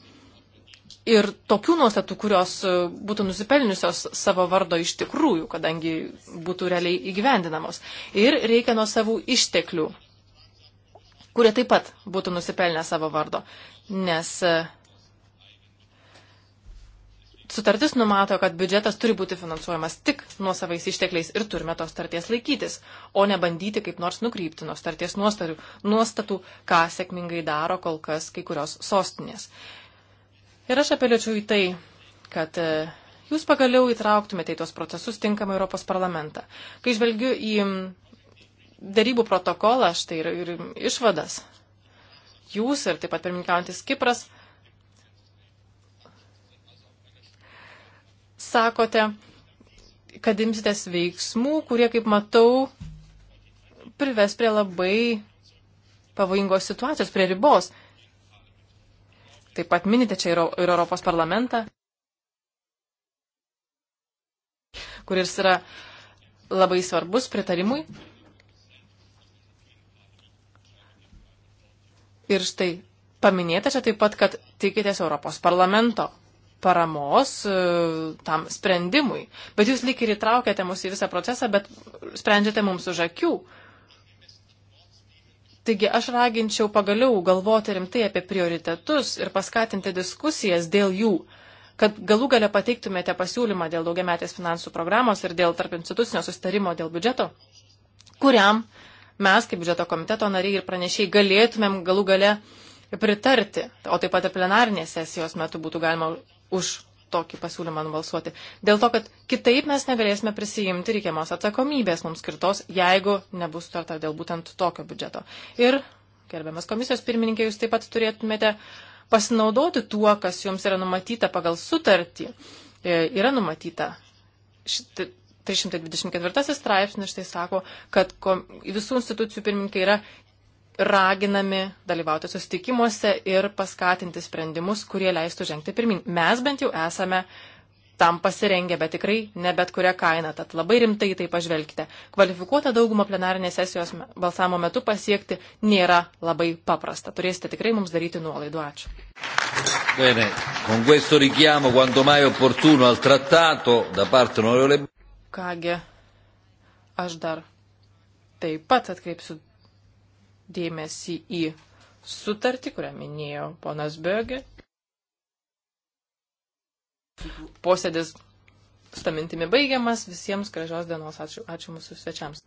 Ir tokių nuostatų, kurios e, būtų nusipelniusios savo vardo iš tikrųjų, kadangi būtų realiai įgyvendinamos. Ir reikia nuo savų išteklių, kurie taip pat būtų nusipelnę savo vardo. Nes e, sutartis numato, kad biudžetas turi būti finansuojamas tik nuo savais ištekliais ir turime tos starties laikytis, o ne bandyti kaip nors nukrypti nuo starties nuostarių, nuostatų, ką sėkmingai daro kol kas kai kurios sostinės. Ir aš apeliuočiau į tai, kad e, jūs pagaliau įtrauktumėte į tos procesus tinkamą Europos parlamentą. Kai žvelgiu į darybų protokolą, štai ir, ir išvadas, jūs ir taip pat pirmininkaujantis Kipras, sakote, kad imsitės veiksmų, kurie, kaip matau, prives prie labai pavojingos situacijos, prie ribos. Taip pat minite čia ir, ir Europos parlamentą, kuris yra labai svarbus pritarimui. Ir štai paminėta čia taip pat, kad tikitės Europos parlamento paramos e, tam sprendimui. Bet jūs lyg ir įtraukėte mus į visą procesą, bet sprendžiate mums už akių. Taigi aš raginčiau pagaliau galvoti rimtai apie prioritetus ir paskatinti diskusijas dėl jų, kad galų gale pateiktumėte pasiūlymą dėl daugiametės finansų programos ir dėl tarp institucinio sustarimo dėl biudžeto, kuriam mes, kaip biudžeto komiteto nariai ir pranešiai, galėtumėm galų gale pritarti, o taip pat ir plenarinės sesijos metu būtų galima už tokį pasiūlymą nubalsuoti. Dėl to, kad kitaip mes negalėsime prisijimti reikiamos atsakomybės mums skirtos, jeigu nebus sutarta dėl būtent tokio biudžeto. Ir, gerbiamas komisijos pirmininkė, jūs taip pat turėtumėte pasinaudoti tuo, kas jums yra numatyta pagal sutartį. E, yra numatyta. Šitą, 324 straipsnis štai sako, kad kom, visų institucijų pirmininkai yra raginami dalyvauti susitikimuose ir paskatinti sprendimus, kurie leistų žengti pirmin. Mes bent jau esame tam pasirengę, bet tikrai ne bet kurią kainą, tad labai rimtai tai pažvelgite. Kvalifikuotą daugumą plenarinės sesijos balsavimo metu pasiekti nėra labai paprasta. Turėsite tikrai mums daryti nuolaidų. Ačiū. Bene, con questo richiamo quanto mai opportuno al trattato da parte onorevole. Kągi, aš dar taip pat atkreipsiu dėmesį į sutartį, kurią minėjo ponas Bögė. Posėdis su tą mintimi baigiamas. Visiems gražios dienos. Ačiū, ačiū mūsų svečiams.